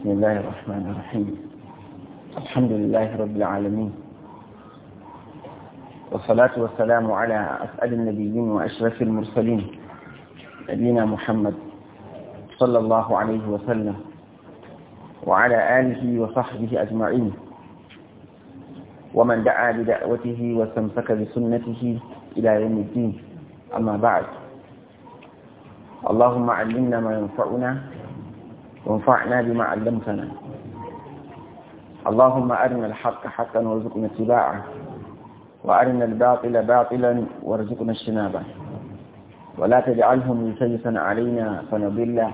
بسم الله الرحمن الرحيم الحمد لله رب العالمين والصلاة والسلام على أسأل النبيين وأشرف المرسلين نبينا محمد صلى الله عليه وسلم وعلى آله وصحبه أجمعين ومن دعا بدعوته واستمسك بسنته إلى يوم الدين أما بعد اللهم علمنا ما ينفعنا وانفعنا بما علمتنا اللهم أرنا الحق حقا وارزقنا اتباعه وأرنا الباطل باطلا وارزقنا اجتنابه ولا تجعله مسيسا علينا فنضل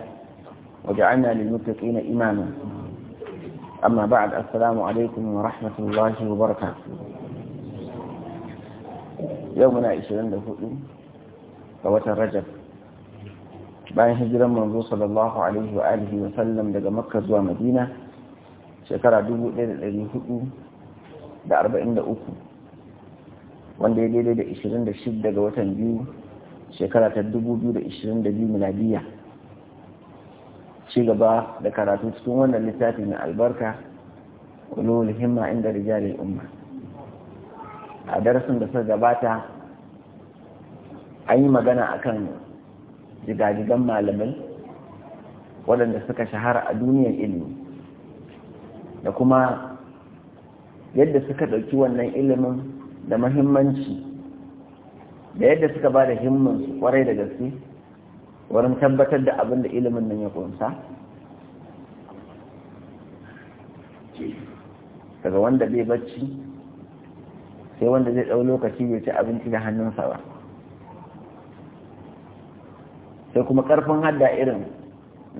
وجعلنا للمتقين إماما أما بعد السلام عليكم ورحمة الله وبركاته يومنا إشهد 24 فوت الرجب bayan hijiran manzo sallallahu alaihi wa alihi wa sallam daga makka zuwa madina shekara 1443 wanda ya daidai da 26 daga watan biyu shekara ta 2022 miladiya ci gaba da karatu cikin wannan littafi na albarka ulul himma inda rijalil umma a darasin da suka gabata an yi magana akan jigajigan malamai waɗanda suka shahara a duniyar ilimi da kuma yadda suka ɗauki wannan ilimin da mahimmanci da yadda suka ba da su kwarai da gaske wurin tabbatar da abin da ilimin nan ya kunsa daga wanda bai bacci sai wanda zai ɗau lokaci bai ci abinci da hannunsa ba sai kuma karfin hadda irin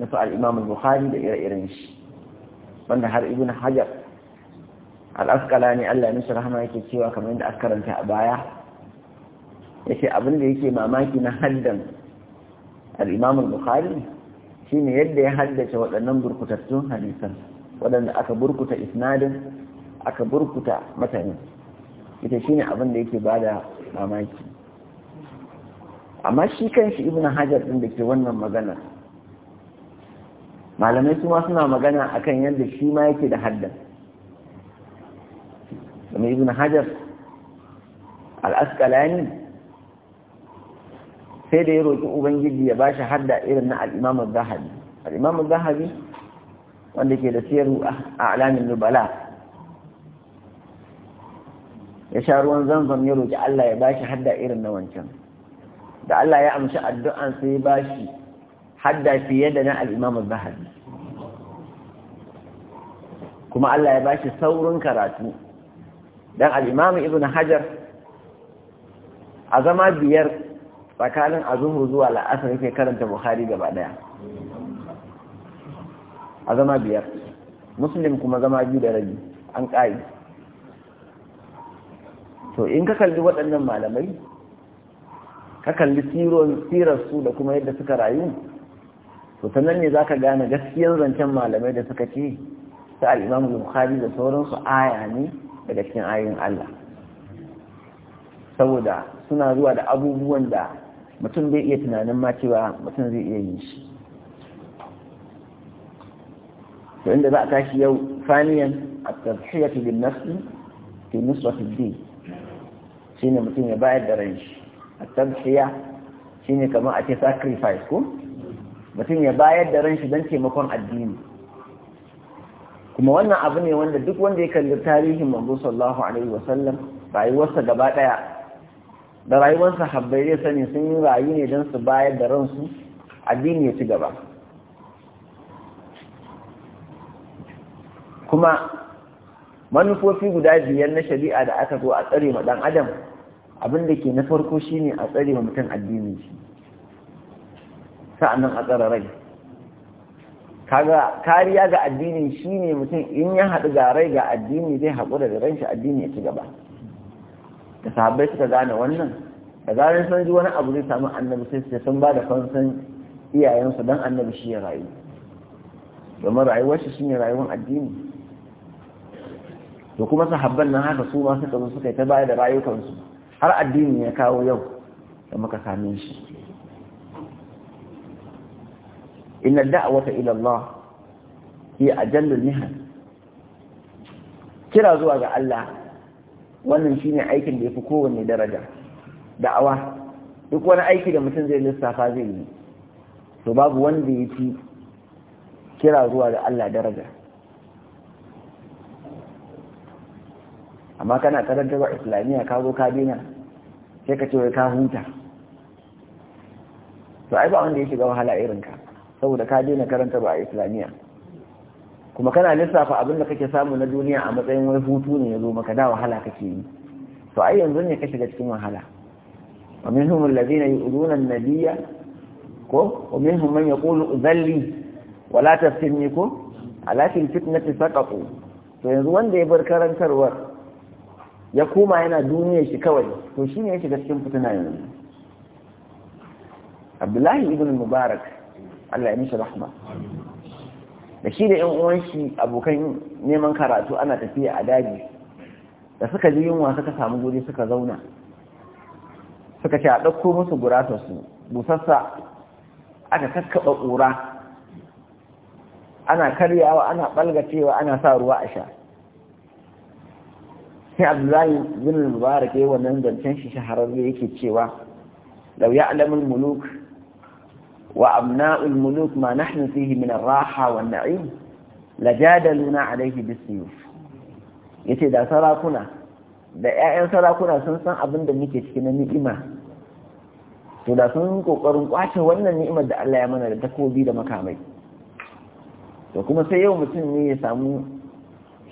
na su al'imam buhari da ire-iren shi wanda har ibn hajar al'askala ne allah ya nusa rahama yake cewa kamar yadda aka karanta a baya ce abin da yake mamaki na haddan al'imam buhari shine yadda ya haddace waɗannan burkutattun hadisan waɗanda aka burkuta isnadin aka burkuta matanin ita shine abin da yake bada mamaki amma shi kanshi ibn hajar din da ke wannan magana malamai su ma suna magana akan yadda shi ma yake da haddan kuma ibn hajar al-asqalani sai da ya roƙi ubangiji ya bashi hadda irin na al-imam az-zahabi al-imam az-zahabi wanda ke da siyaru a alamin nubala ya sha ruwan zanzan ya roƙi Allah ya bashi hadda irin na wancan da Allah ya amshi addu'an sai ba shi hadda fiye da na al'imam zahabi kuma Allah ya ba shi saurin karatu don al'imam ibn hajar a zama biyar tsakanin azuhur zuwa la'asar yake karanta buhari gaba daya a zama biyar muslim kuma zama biyu da rabi an ƙari to in ka kalli waɗannan malamai ka kalli su da kuma yadda suka rayu to nan ne za ka gane gaskiyar zancen malamai da suka ce ta al bukari Bukhari da sauransu aya ne daga cikin ayin Allah saboda suna zuwa da abubuwan da mutum zai iya tunanin ma cewa mutum zai iya yin shi to inda za a tashi yau faniyan a at-tadhiyatu bin ke fi nusrati shi shine mutum ya bayar da ranshi at shine kamar a ce sacrifice ko mutum ya bayar da ran shi don taimakon addini kuma wannan abu ne wanda duk wanda ya kalli tarihin manzo sallallahu alaihi wasallam rayuwarsa gaba daya da rayuwarsa habbai zai sani sun yi rayu ne don su bayar da ransu addini ya ci gaba kuma manufofi guda biyar na shari'a da aka zo a tsare ma dan adam abin da ke na farko shine a tsare wa mutum addini shi sa'annan a tsara rai kaga kariya ga addini shine mutum in ya haɗu ga rai ga addini zai haƙura da ran shi addini ya ci gaba da sahabbai suka gane wannan da zarar sun ji wani abu zai samu annabi sai su sun ba da fansan iyayensu don annabi shi ya rayu domin rayuwar shi shine rayuwar addini to kuma sahabban nan haka su ma suka zo suka yi ta baya da rayukansu har addini ya kawo yau da muka same shi inna da'wata ila Allah hi ajallu nihan kira zuwa ga Allah wannan shine aikin da yafi kowanne daraja da'awa duk wani aiki da mutum zai lissafa zai yi to babu wanda yafi kira zuwa ga Allah daraja amma kana karantar wa islamiyya ka zo ka dina sai ka ce wai ka huta to ai ba wanda ya shiga wahala irin ka saboda ka daina karanta ba a islamiyya kuma kana lissafa abin da kake samu na duniya a matsayin wai hutu ne ya zo maka da wahala kake yi to ai yanzu ne ka shiga cikin wahala wa minhum alladhina yu'duna an-nabiyya ko wa minhum man yaqulu udhalli wa la taftinni ko alakin fitnati saqatu to yanzu wanda ya bar karantarwar ya koma yana duniyar shi kawai to shine ya shiga cikin fituna yanzu abdullahi ibn mubarak Allah ya mishi rahma da shi da 'yan uwan shi abokan neman karatu ana tafiya a daji da suka ji yunwa suka samu guri suka zauna suka ce a ɗauko musu su busassa aka kakkaɓa ƙura ana karyawa ana ɓalgacewa ana sa ruwa a sha sai abdullahi bin mubarak yayi wannan zancen shi shahararre yake cewa law ya'lamul muluk wa abna'ul muluk ma nahnu fihi min ar-raha an na'im jadaluna alayhi bisuyuf yace da sarakuna da ƴaƴan sarakuna sun san abin da muke ciki na ni'ima to da sun kokarin kwace wannan ni'imar da Allah ya mana da takobi da makamai to kuma sai yau mutum ne ya samu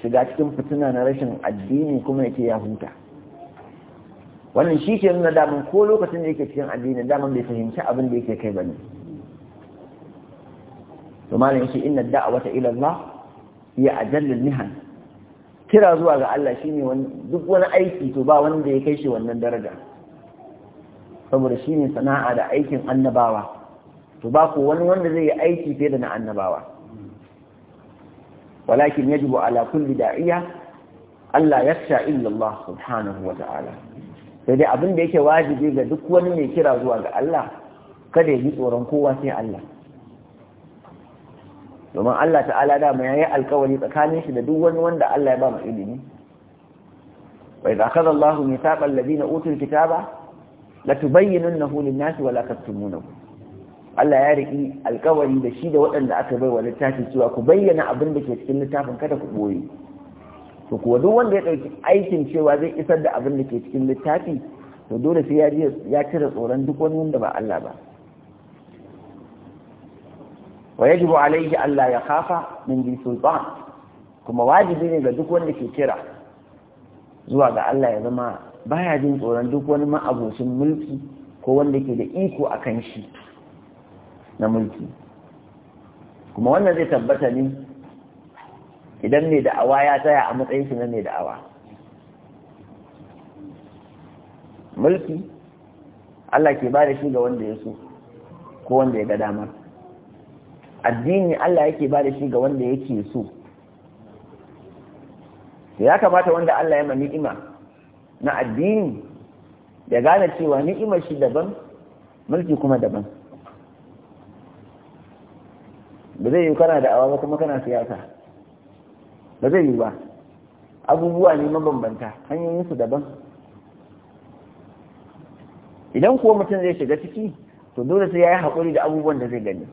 shiga cikin fitina na rashin addini kuma yake ya huta wannan shi ke nuna daman ko lokacin da yake cikin addini damar bai fahimci abin da yake kai bane to malam yace inna wata ila Allah ya ajallul nihan, kira zuwa ga Allah shine wani duk wani aiki to ba wanda ya kai shi wannan daraja saboda shine sana'a da aikin annabawa to ba ko wani wanda zai yi aiki fiye da na annabawa walakin yajibu ala kulli da'iya Allah yakhsha illa Allah subhanahu wa ta'ala sai dai abin da yake wajibi ga duk wani mai kira zuwa ga Allah kada ya ji tsoron kowa sai Allah domin Allah ta'ala dama ya yi alkawari tsakanin shi da duk wani wanda Allah ya ba mu ilimi wa idza akhadha Allahu mithaqa alladhina utul kitaba latubayyinannahu lin-nasi wa la taktumunhu Allah ya riki alkawari da shi da waɗanda aka bai wa littafin cewa ku bayyana abin da ke cikin littafin kada ku ɓoye to kuwa duk wanda ya ɗauki aikin cewa zai isar da abin da ke cikin littafi to dole sai ya cire tsoron duk wani wanda ba Allah ba wa yajibu alayhi Allah ya khafa min bi sultan kuma wajibi ne ga duk wanda ke kira zuwa ga Allah ya zama baya jin tsoron duk wani ma'abocin mulki ko wanda ke da iko akan shi na mulki kuma wannan zai tabbata ne idan mai da'awa ya tsaya a matsayin shi na mai da'awa mulki Allah ke bada shi ga wanda ya so ko wanda ya ga damar addini Allah yake bada shi ga wanda yake so ya kamata wanda Allah ya ma ni'ima na addini ya gane cewa ni'imar shi daban mulki kuma daban ba zai yi kana awa ba kuma kana siyasa ba zai yi ba abubuwa ne mabambanta hanyoyin daban idan kuwa mutum zai shiga ciki to dole sai ya yi haƙuri da abubuwan da zai gani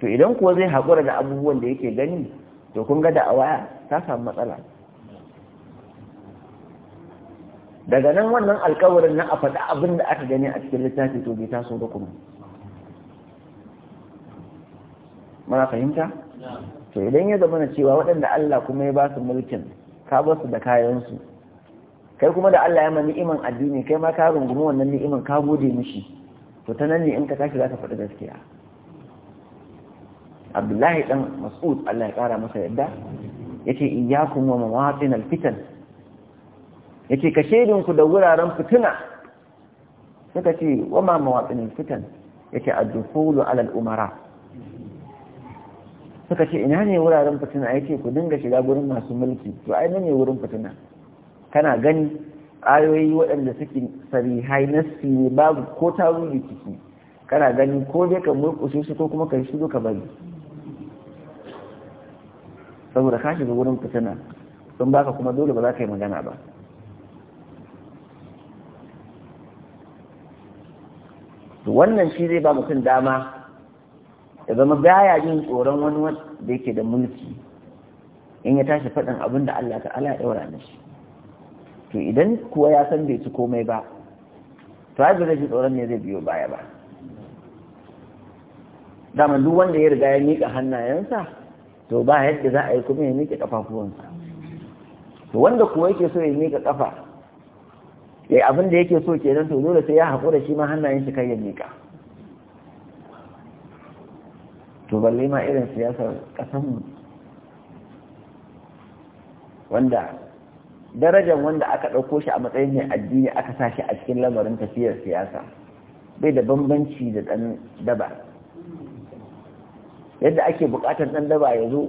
to idan kuwa zai haƙura da abubuwan da yake gani to kun ga da'awa ta samu matsala daga nan wannan alkawarin na a faɗa abin da aka gani a cikin littafi to bai taso da kuma mana fahimta to idan ya zama na cewa waɗanda Allah kuma ya ba su mulkin ka ba su da kayansu kai kuma da Allah ya ma ni'iman addini kai ma ka rungumi wannan ni'iman ka gode mishi to ta nan ne in ka tashi za ka faɗi gaskiya Abdullahi ɗan Mas'ud Allah ya ƙara masa yadda yace iyyakum wa mawatin alfitan yace ka shedin ku da wuraren fituna suka ce wa ma mawatin alfitan yace ad-dukhulu ala al-umara suka ce ina ne wuraren fitina ya ce ku dinga shiga gurin masu mulki to ai ne wurin fitina kana gani ayoyi waɗanda suke sari nassi ne babu ko ta wuri ciki kana gani ko dai ka murƙushe su ko kuma ka shigo ka bari saboda ka shiga wurin fitina sun baka kuma dole ba za ka yi magana ba wannan shi zai ba mutum dama ya zama baya jin tsoron wani da yake da mulki in ya tashi faɗin abin da Allah ala ya ɗaura mishi to idan kuwa ya san bai ci komai ba to ya zai shi tsoron ne zai biyo baya ba dama duk wanda ya riga ya miƙa hannayensa to ba yadda za a yi kuma ya miƙa ƙafafuwansa to wanda kuwa yake so ya miƙa ƙafa ya abin da yake so kenan to dole sai ya haƙura shi ma hannayen shi kai ya miƙa to balle ma irin siyasar ƙasanmu wanda darajar wanda aka ɗauko shi a matsayin mai addini aka sa shi a cikin lamarin tafiyar siyasa bai da bambanci da ɗan daba yadda ake buƙatar ɗan daba ya zo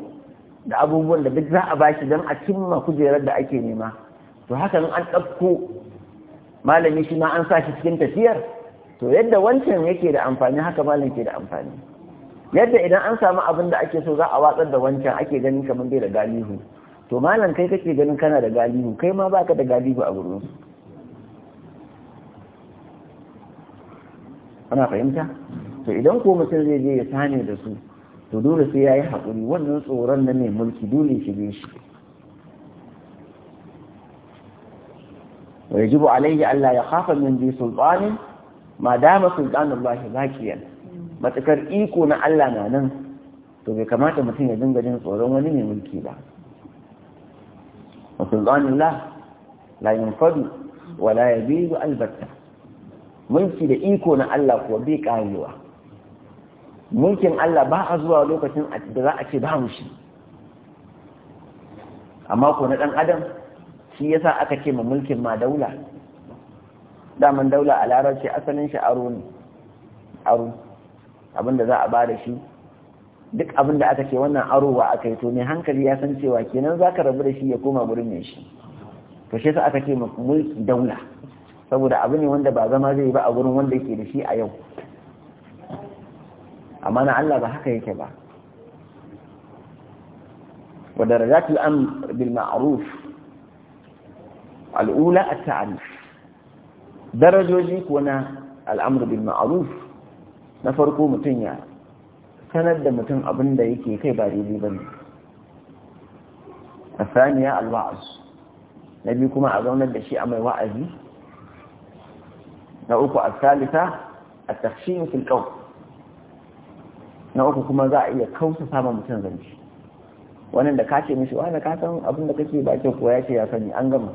da abubuwan da duk za a bashi don a cimma kujerar da ake nema to haka an ɗauko malami shi ma an sa shi cikin tafiyar to yadda wancan yake da amfani haka malam ke da amfani yadda idan an samu abin da ake so za a watsar da wancan ake ganin kamar bai da galihu to malam kai kake ganin kana da galihu kai ma baka da galihu a gurin ana fahimta to idan ko mutum zai je ya sane da su to dole sai ya yi haƙuri wannan tsoron na mai mulki dole shi ne shi wajibu jibu alayhi Allah ya khafa min bi sultanin ma dama sultanullahi zakiyan matakar iko na Allah na nan to bai kamata mutum ya dinga jin tsoron wani mai mulki ba wasu zanen la yanfadu wa la biyu albatta mulki da iko na Allah kuwa bai karewa mulkin Allah ba a zuwa lokacin da za a ce ba mushi amma ko na dan adam shi yasa aka ce ma mulkin ma daula daman daula a larabci asalin shi aro ne aro abinda za a bada shi duk abinda aka ce wannan arowa aka yi to ne hankali ya san cewa kenan za ka rabu da shi ya koma gurin mai shi to shi aka ce mulki daula saboda abu ne wanda ba zama zai ba a gurin wanda yake da shi a yau amma na Allah ba haka yake ba wa bil ma'ruf al-ula at الأولى darajoji درجة جيك ونا bil ma'ruf na farko mutum ya sanar da mutum abin da yake kai ba daidai ba ne a saniya alwa'az na biyu kuma a zaunar da shi a mai wa'azi na uku a salisa a tafshin filkau na uku kuma za a iya kausa sama mutum zance wannan da ka ce mishi wani ka san abin da kake ba ke koya ce ya sani an gama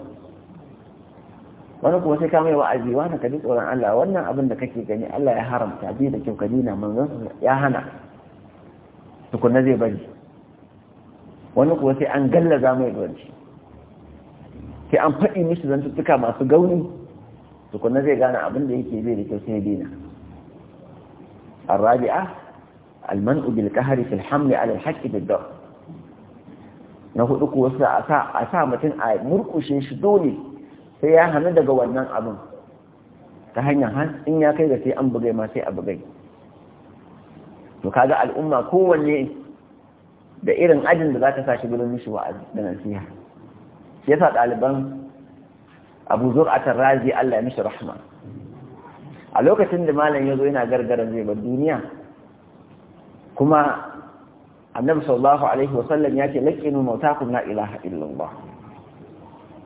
wani kuma sai ka mai wa'azi wani ka ji tsoron Allah wannan abin da kake gani Allah ya haramta bi da kyau ka dina manzon ya hana tukunna zai bari wani kuma sai an gallaza mai gwanci sai an faɗi mishi zantuttuka masu gauni tukunna zai gane abin da yake bai da kyau sai dina الرابعة المنء بالقهر في الحمل على الحق بالضرب na hudu kuwa a sa mutum a murkushe shi dole sai ya hannu daga wannan abin ta hanyar han in ya kai ga sai an bugai ma sai a bugai to kaga al'umma kowanne da irin ajin da za ta sa shi gurin mishi da nasiha shi yasa ɗaliban abu zur'atar razi Allah ya mishi rahma a lokacin da malam ya zo yana gargara zai bar duniya kuma annabi sallallahu alaihi wasallam ya ce laqinu mautakum na ilaha illallah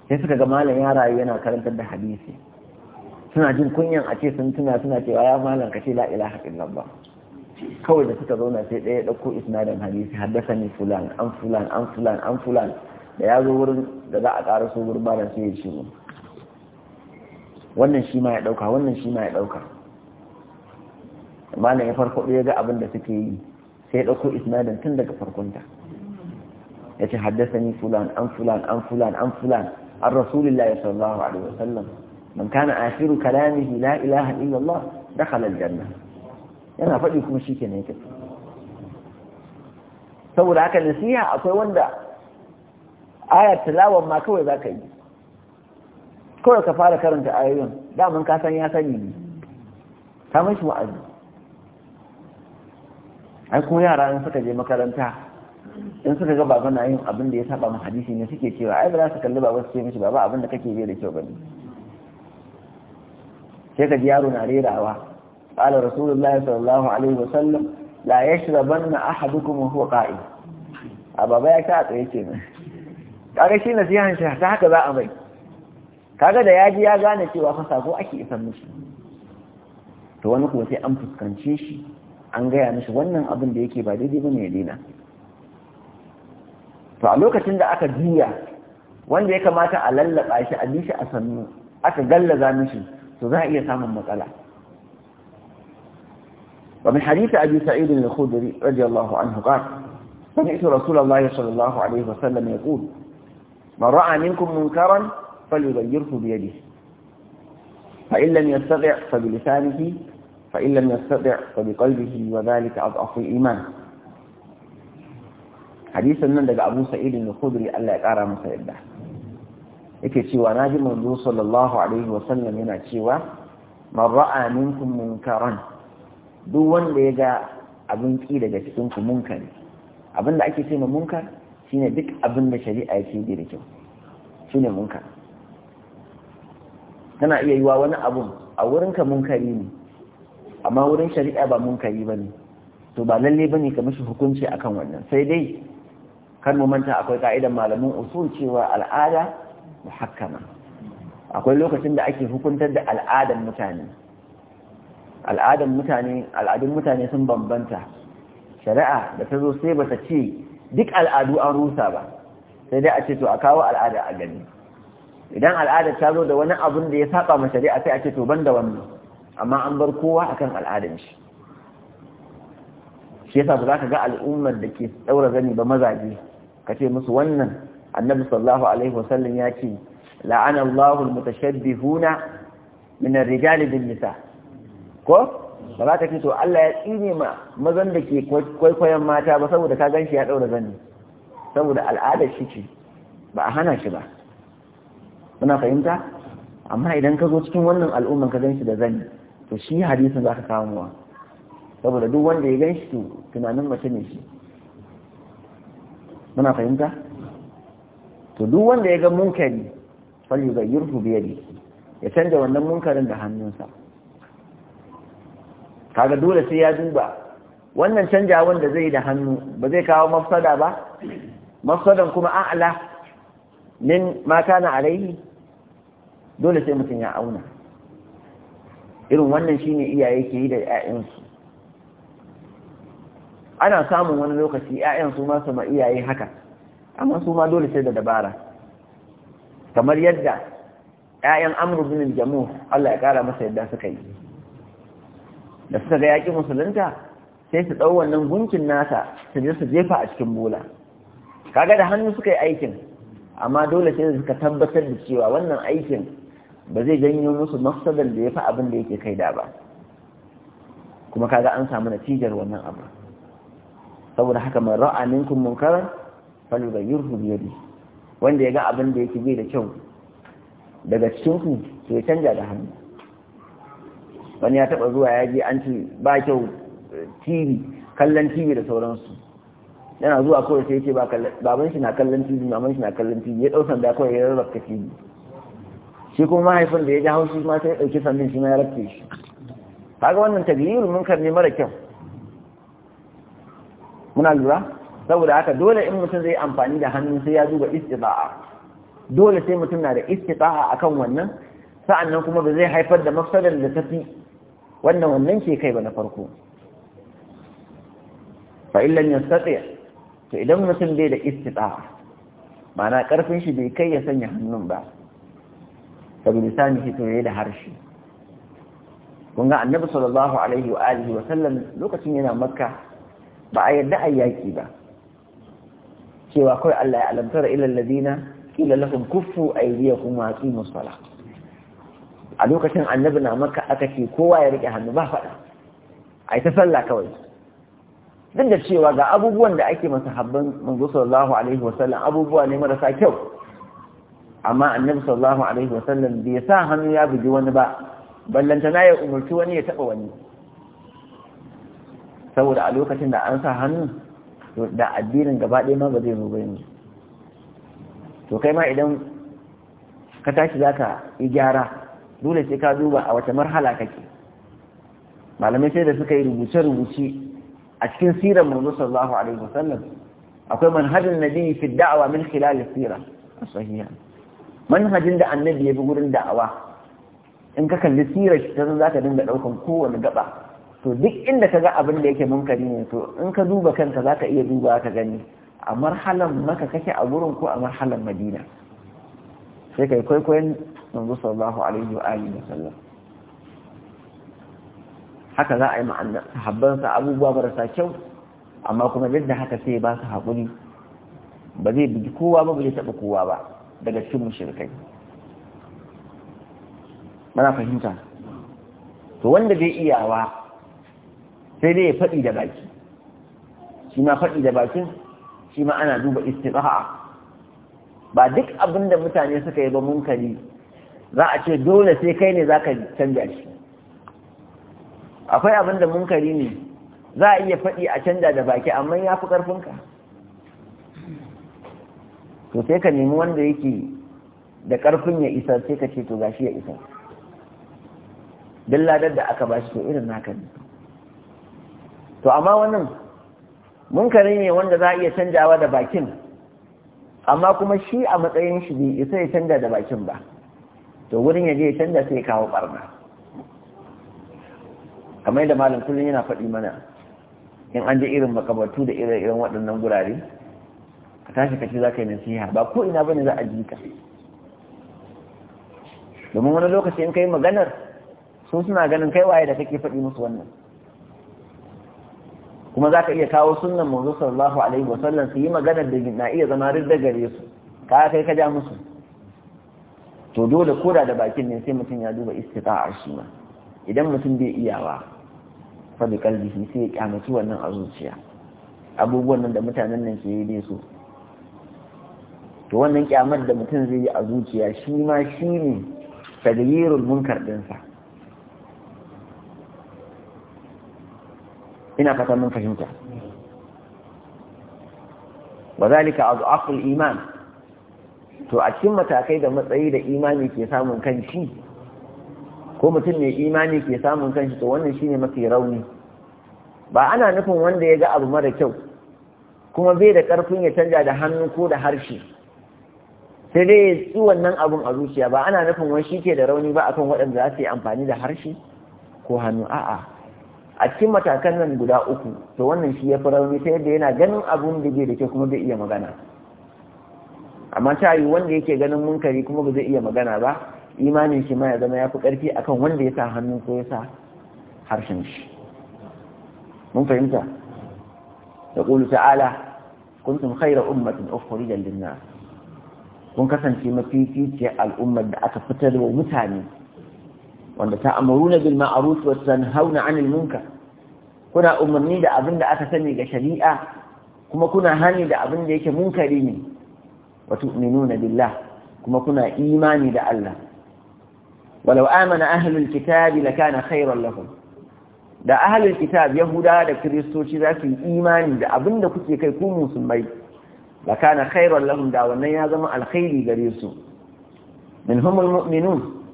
sai suka ga malam ya rayu yana karantar da hadisi suna jin kunyan a ce sun tuna suna cewa ya malam ka ce la ilaha illallah kawai da suka zauna sai ɗaya ɗauko isnadin hadisi haddasa ni fulan an fulan an fulan an fulan da ya zo wurin da za a ƙara so wurin malam sai ya ce wannan shi ma ya ɗauka wannan shi ma ya ɗauka malam ya farko ya ga abin da suke yi sai ya ɗauko isnadin tun daga farkonta ya ce haddasa ni fulan an fulan an fulan an fulan عن رسول الله صلى الله عليه وسلم من كان آخر كلامه لا إله إلا الله دخل الجنة yana faɗi kuma shi ke ne yake saboda haka nasiha akwai wanda ayar tilawar ma kawai za ka yi kawai ka fara karanta ayoyin daman ka san ya sani ne ta mashi wa'azi ai kuma yara in suka je makaranta in suka ga baba na yin abin da ya saba mu hadisi ne suke cewa ai ba za su kalli baba su ce mishi baba abin da kake bai da kyau gani. sai ka ji yaro na rerawa qala rasulullahi sallallahu alaihi wasallam la yashrabanna ahadukum huwa qa'im a baba ya ta tsaye kenan kaga shi nasihan shi ta haka za a bai kaga da yaji ya gane cewa fa sako ake isan mishi to wani kuma sai an fuskanci shi an gaya mishi wannan abin da yake ba daidai bane ya daina to a lokacin da aka jiya wanda ya kamata a lallaba shi a bi shi a sannu aka gallaza mishi to za a iya samun matsala ومن حديث أبي سعيد الخدري رضي الله عنه قال سمعت رسول الله صلى الله عليه وسلم يقول من رأى منكم منكرا فليغيره بيده فإن لم يستطع فبلسانه فإن لم يستطع فبقلبه وذلك أضعف الإيمان hadisin nan daga Abu Sa'id al-Khudri Allah ya kara masa yadda yake cewa naji manzo sallallahu alaihi wa sallam yana cewa man ra'a minkum munkaran duk wanda ya ga abin ki daga cikin ku munkari abin da ake cewa munkar shine duk abin da shari'a yake da kyau shine munkar tana iya yiwa wani abun a wurinka munkari ne amma wurin shari'a ba munkari bane to ba lalle bane ka mishi hukunci akan wannan sai dai kan mu manta akwai ka'idan malamin usul cewa al'ada muhakkama akwai lokacin da ake hukuntar da al'adan mutane al'adan mutane al'adun mutane sun bambanta shari'a da ta zo sai bata ce duk al'adu an rusa ba sai dai a ce to a kawo al'ada a gani idan al'ada ta zo da wani abun da ya saba ma shari'a sai a ce to da wannan amma an bar kowa akan al'adan shi shi yasa ba za ka ga al'ummar da ke daura zani ba mazaje kace musu wannan annabi sallallahu alaihi wasallam ya ce la'ana Allahu al-mutashabbihuna min ar-rijal bin nisa ko ba za ce to Allah ya tsine ma mazan da ke kwaikwayon mata ba saboda ka ganshi ya daura zane. saboda al'adar shi ce ba a hana shi ba muna fahimta amma idan ka zo cikin wannan al'umman ka ganshi da zanni to shi hadisin za ka kawo saboda duk wanda ya ganshi to tunanin mace ne shi muna fahimta to duk wanda ya ga munkari falyu ga yurfu biyar ya canza wannan munkarin da hannunsa kaga dole sai ya duba wannan canja wanda zai da hannu ba zai kawo mafsada ba mafsadan kuma a'la min mata na alaihi dole sai mutum ya auna irin wannan shine iyaye ke yi da 'ya'yansu ana samun wani lokaci 'ya'yan su ma su ma iyaye haka amma su ma dole sai da dabara kamar yadda 'ya'yan amru bin jamu Allah ya kara masa yadda suka yi da suka ga yaƙi musulunta sai su ɗau wannan gunkin nasa su je su jefa a cikin bola kaga da hannu suka yi aikin amma dole sai suka tabbatar da cewa wannan aikin ba zai janyo musu mafsadar da ya fi abin da yake kai da ba kuma kaga an samu natijar wannan abu saboda haka mai ra'a minkum munkaran falyughayyirhu bi Yadi, wanda ya ga abin da yake bai da kyau daga cikin ku to ya canja da hannu wani ya taba zuwa ya je an ci ba kyau eh, TV kallon TV da sauransu yana zuwa kawai sai ce baban shi na kallon TV maman shi na kallon TV ya dausan da kawai ya rarrabka TV shi kuma mahaifin da ya ji haushi ma sai ya dauki sandan shi ma ya rarrabe shi kaga wannan tagliyul munkar ne mara kyau muna lura saboda haka dole in mutum zai amfani da hannu sai ya duba istita'a dole sai mutum na da istita'a akan wannan sa'annan kuma ba zai haifar da mafsadar da tafi wannan wannan ke kai ba na farko fa illan yastati to idan mutum bai da istita'a ma'ana karfin shi bai kai ya sanya hannun ba saboda sani shi to da harshe kun ga annabi sallallahu alaihi wa alihi wa sallam lokacin yana makka ba a yadda a yaƙi ba cewa kawai Allah ya alamtara ilal ladina kila lahum kuffu aydiyakum wa aqimus a lokacin annabi na maka aka ce kowa ya rike hannu ba fada ai ta sallah kawai duk da cewa ga abubuwan da ake masa habban manzo sallallahu alaihi abubuwa ne marasa kyau amma annabi sallallahu alaihi wasallam bai sa hannu ya buji wani ba ballantana ya umarci wani ya taba wani saboda a lokacin da an sa hannu da addinin gaba ɗaya ma ba zai zo ba to kai ma idan ka tashi za ka yi gyara dole sai ka duba a wace marhala kake malamai sai da suka yi rubuce-rubuce a cikin sirar manzo sallallahu alaihi wasallam akwai manhajin nabi fi da'awa min khilal sira sahiha manhajin da annabi ya bi gurin da'awa in ka kalli sirar shi ta zaka dinga daukan kowane gaba to duk inda ka ga abin da yake munkari ne to in ka duba kanka za ka iya duba ka gani a marhalan maka kake a wurin ko a marhalan madina sai kai kwaikwayon manzo sallallahu alaihi wa alihi wa sallam haka za a yi ma'anna sa abubuwa marasa kyau amma kuma yadda haka sai ba su haƙuri ba zai bugi kowa ba ba taɓa kowa ba daga cikin mushrikai na fahimta to wanda bai iyawa sai dai ya faɗi da baki shi ma faɗi da bakin shi ma ana duba istiqa'a ba duk abin da mutane suka yi ba munkari za a ce dole sai kai ne za ka canja shi akwai abin da munkari ne za a iya faɗi a canja da baki amma ya fi ƙarfinka to sai ka nemi wanda yake da ƙarfin ya isa sai ka ce to gashi ya isa dilladar da aka ba shi to irin naka ne to amma wannan munkari ne wanda za a iya canjawa da bakin amma kuma shi a matsayin shi ne isa ya canja da bakin ba to wurin ya je ya canja sai kawo barna kamar yadda malam kullum yana faɗi mana in an je irin makabartu da irin irin waɗannan gurare ka tashi kace za ka yi nasiha ba ko ina bane za a ji ka domin wani lokaci in kai maganar sun suna ganin kai waye da kake faɗi musu wannan kuma za ka iya kawo sunan manzo sallallahu alaihi wasallam su yi magana da na iya zama ridda gare su ka kai ka ja musu to dole koda da bakin ne sai mutum ya duba istita'a shi ma idan mutum bai iyawa fa bi kalbihi sai ya kyamaci wannan a zuciya abubuwan nan da mutanen nan ke yi dai su to wannan kyamar da mutum zai yi a zuciya shi ma shi ne munkar dinsa ina fatan mun fahimta wa zalika iman to a cikin matakai da matsayi da imani ke samun kanshi ko mutum mai imani ke samun kanshi to wannan shine mafi rauni ba ana nufin wanda ya ga abu mara kyau kuma bai da karfin ya canja da hannu ko da harshe sai dai ya tsi wannan abun a zuciya ba ana nufin wani shi ke da rauni ba akan waɗanda za su yi amfani da harshe ko hannu a'a a cikin matakan nan guda uku to wannan shi ya farauni rauni ta yadda yana ganin abun da da kyau kuma zai iya magana amma ta yi wanda yake ganin munkari kuma ba zai iya magana ba imanin shi ma ya zama ya fi ƙarfi akan wanda ya sa hannu ko ya sa harshen shi mun fahimta da ƙulu ta'ala kuntum khaira ummatin ukhrijal lin-nas kun kasance mafi mafificiyar al'ummar da aka fitar wa mutane wanda ta amuruna bil ma'ruf wa tanhauna 'anil munkar kuna umarni da abin da aka sani ga shari'a kuma kuna hani da abin da yake munkari ne wa tu'minuna billah kuma kuna imani da Allah walau amana ahlul kitabi lakana khairan lahum da ahalin kitab yahuda da kiristoci za su yi imani da abin da kuke kai ku musulmai Lakana kana lahum da wannan ya zama alkhairi gare su minhumul mu'minun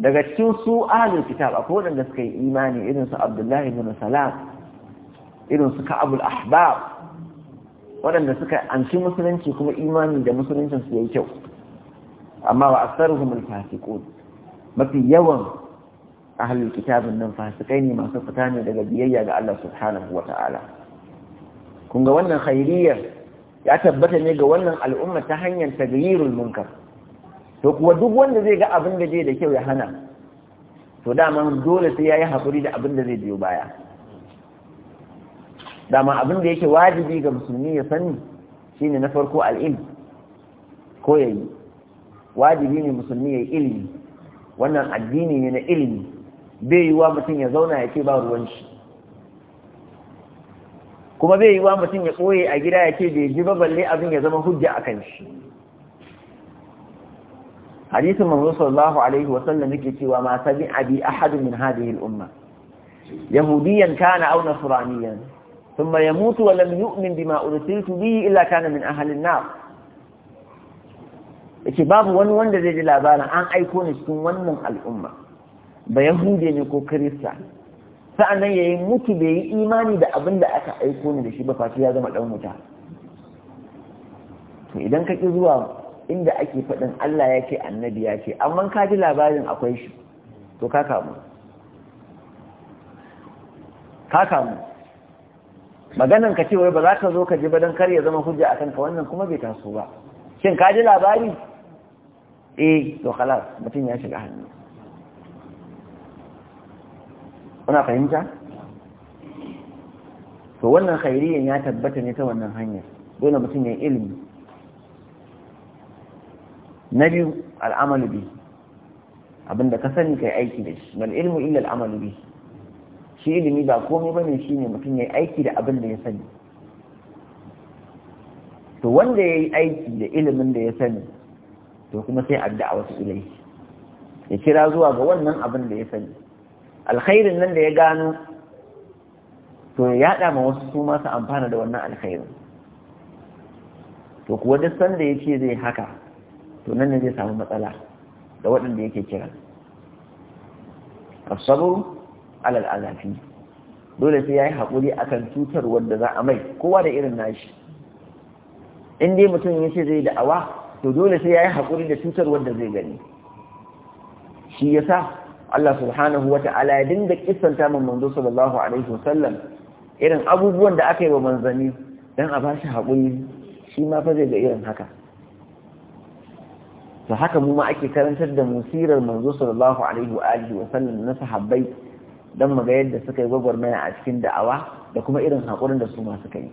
daga cikin su ahlul kitab akwai waɗanda suka yi imani irin su abdullahi bin salam irin su ka'abul ahbab waɗanda suka amshi musulunci kuma imani da musuluncin su yayi kyau amma wa aktsaruhum al-fasiqun mafi yawan ahlul kitabin nan fasikai ne masu fita ne daga biyayya ga Allah subhanahu wata'ala kun ga wannan khairiyyar ya tabbata ne ga wannan al'umma ta hanyar tagayyirul munkar to kuwa duk wanda zai ga abin da zai da kyau ya hana to dama dole sai ya yi haƙuri da abin da zai biyo baya dama abin da yake wajibi ga musulmi ya sani shi ne na farko al'im ko ya yi wajibi ne musulmi ya yi ilimi wannan addini ne na ilimi bai yi wa mutum ya zauna ya ce ba ruwan shi kuma bai yi wa mutum ya ɓoye a gida ya ce bai ji ba balle abin ya zama hujja a kan shi hadisin manzo sallallahu alaihi wasallam yake cewa ma sami abi ahad min hadhihi al-umma yahudiyan kana aw nasraniyan thumma yamutu wa lam yu'min bima ursiltu bihi illa kana min ahli an-nar babu wani wanda zai ji labarin an aiko ni cikin wannan al'umma ba yahude ne ko kirista sa'annan yayi mutu bai yi imani da abin da aka aiko ni da shi ba fati ya zama dan wuta to idan ka ki zuwa inda ake faɗin Allah ya ce annabi ya ce amma ka ji labarin akwai shi to ka kamu ka kamu maganan ka ce wai ba za ka zo ka ji ba don kar ya zama hujja akan ka wannan kuma bai taso ba shin ka ji labari eh to khalas mutum ya shiga hannu kuna fahimta to wannan khairiyan ya tabbata ne ta wannan hanyar dole mutum ya ilimi na biyu al'amalu bi abinda ka sani kai aiki da shi mal ilmu illa al'amalu bi shi ilimi ba komai bane shine mutum yayi aiki da abin da ya sani to wanda yayi aiki da ilimin da ya sani to kuma sai addu'a wasu ilai ya kira zuwa ga wannan abin da ya sani alkhairin nan da ya gano to ya yada ma wasu su ma su amfana da wannan alkhairin to kuwa duk sanda yake zai haka to nan ne zai samu matsala da waɗanda yake kira asabu alal azafi dole sai ya haƙuri a akan tutar wanda za a mai kowa da irin nashi in dai mutum ce zai da'awa to dole sai ya yi haƙuri da tutar wadda zai gani shi ya sa, Allah subhanahu wa ta'ala ya dinga kissanta min manzo sallallahu alaihi wasallam irin abubuwan da aka yi wa manzanni don a bashi haƙuri shi ma fa zai ga irin haka to haka mu ma ake karantar da musirar manzo sallallahu alaihi wa alihi wa sallam na sahabbai dan mu ga yadda suka yi gwagwarmaya a cikin da'awa da kuma irin hakurin da su ma suka yi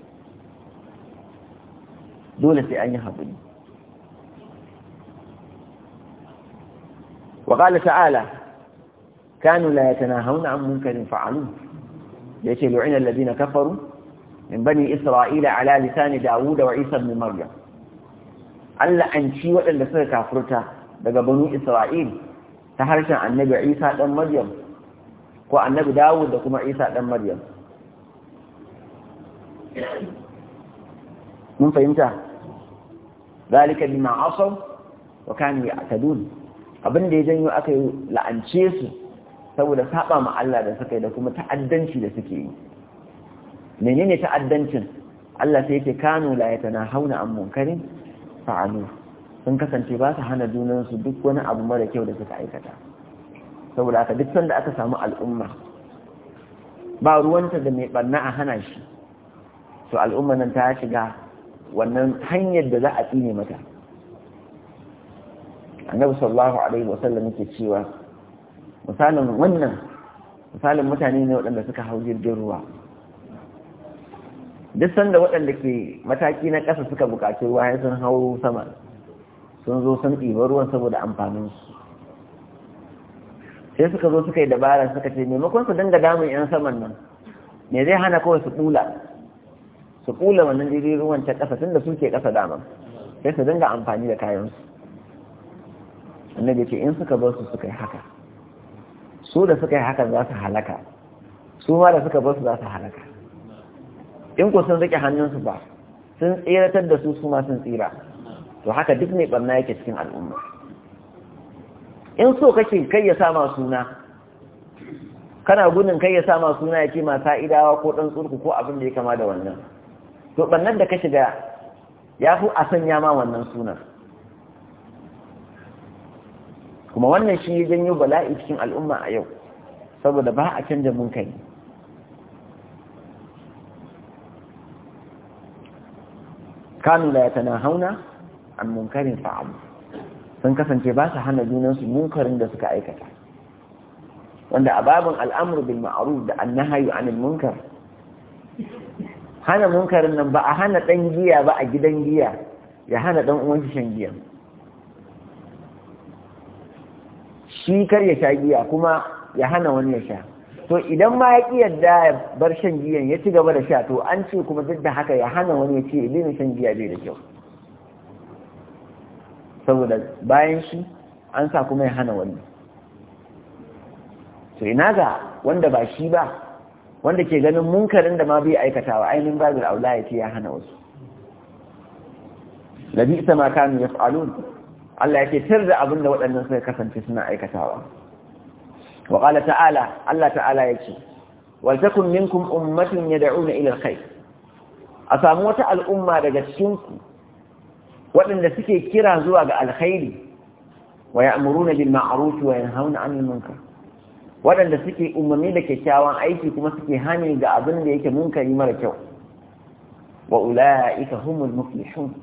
dole sai an yi hakuri wa qala ta'ala kanu la yatanahawna an munkarin fa'alu yace lu'ina alladhina kafaru min bani isra'ila ala lisani dawud wa isa ibn maryam an la'anci waɗanda suka kafurta daga banu isra'il ta harshen annabi isa ɗan maryam ko annabi dawud da kuma isa ɗan maryam mun fahimta zalika bima asaw wa kanu ya'tadun abin da ya janyo aka yi la'ance su saboda saba ma Allah da suka yi da kuma ta'addanci da suke yi menene ta'addancin Allah sai yake kanu la hauna an munkarin fa'alu sun kasance ba su hana junansu duk wani abu mara kyau da suka aikata saboda aka duk sanda aka samu al'umma ba ruwanta da mai barna a hana shi to al'umma nan ta shiga wannan hanyar da za a tsine mata annabi sallallahu alaihi wasallam yake cewa misalin wannan misalin mutane ne waɗanda suka hau jirgin ruwa duk sanda waɗanda ke mataki na ƙasa suka buƙaci ruwa ya sun hau sama sun zo sun ɗiba ruwan saboda amfaninsu sai suka zo suka yi dabara suka ce maimakon su dinga damun 'yan saman nan me zai hana kawai su ƙula su ƙula wannan jirgin ruwan ta ƙasa tunda suke ƙasa dama sai su dinga amfani da kayansu annabi ce in suka bar su suka yi haka su da suka yi haka za su halaka su ma da suka bar su za su halaka in ku sun rike hannunsu ba sun tseratar da su su sun tsira to haka duk mai barna yake cikin al'umma in so kake kai ya sama suna kana gudun kai ya sama suna ya ce ma sa'idawa ko ɗan tsurku ko abin da ya kama da wannan to barnar da ka shiga ya fi a sanya ma wannan sunan kuma wannan shi ya janyo bala'i cikin al'umma a yau saboda ba a canja kai. kanu la yatanahawna an munkarin fa'alu sun kasance ba su hana junansu munkarin da suka aikata wanda a babin al'amru bil ma'ruf da annahyu anil munkar hana munkarin nan ba a hana ɗan giya ba a gidan giya ya hana ɗan uwan shan giya shi kar ya sha giya kuma ya hana wani ya sha to idan ma ya yadda ya bar shan giyan ya ci gaba da sha to an ce kuma duk da haka ya hana wani ya ce ilimin shan giya bai da kyau saboda bayan shi an sa kuma ya hana wani to ina ga wanda ba shi ba wanda ke ganin munkarin da ma bai aikatawa ainihin babin aula ya ce ya hana wasu labi isa ma kanu ya Allah ya ke tar da abin da waɗannan suka kasance suna aikatawa wa ta'ala Allah ta'ala yace wal takum minkum ummatun yad'una ila alkhair a samu wata al'umma daga cikin waɗanda suke kira zuwa ga alkhairi wa ya'muruna bil ma'ruf wa yanhauna 'anil munkar waɗanda suke umarni da kyakkyawan aiki kuma suke hani ga abinda da yake munkari mara kyau wa ula'ika humul muflihun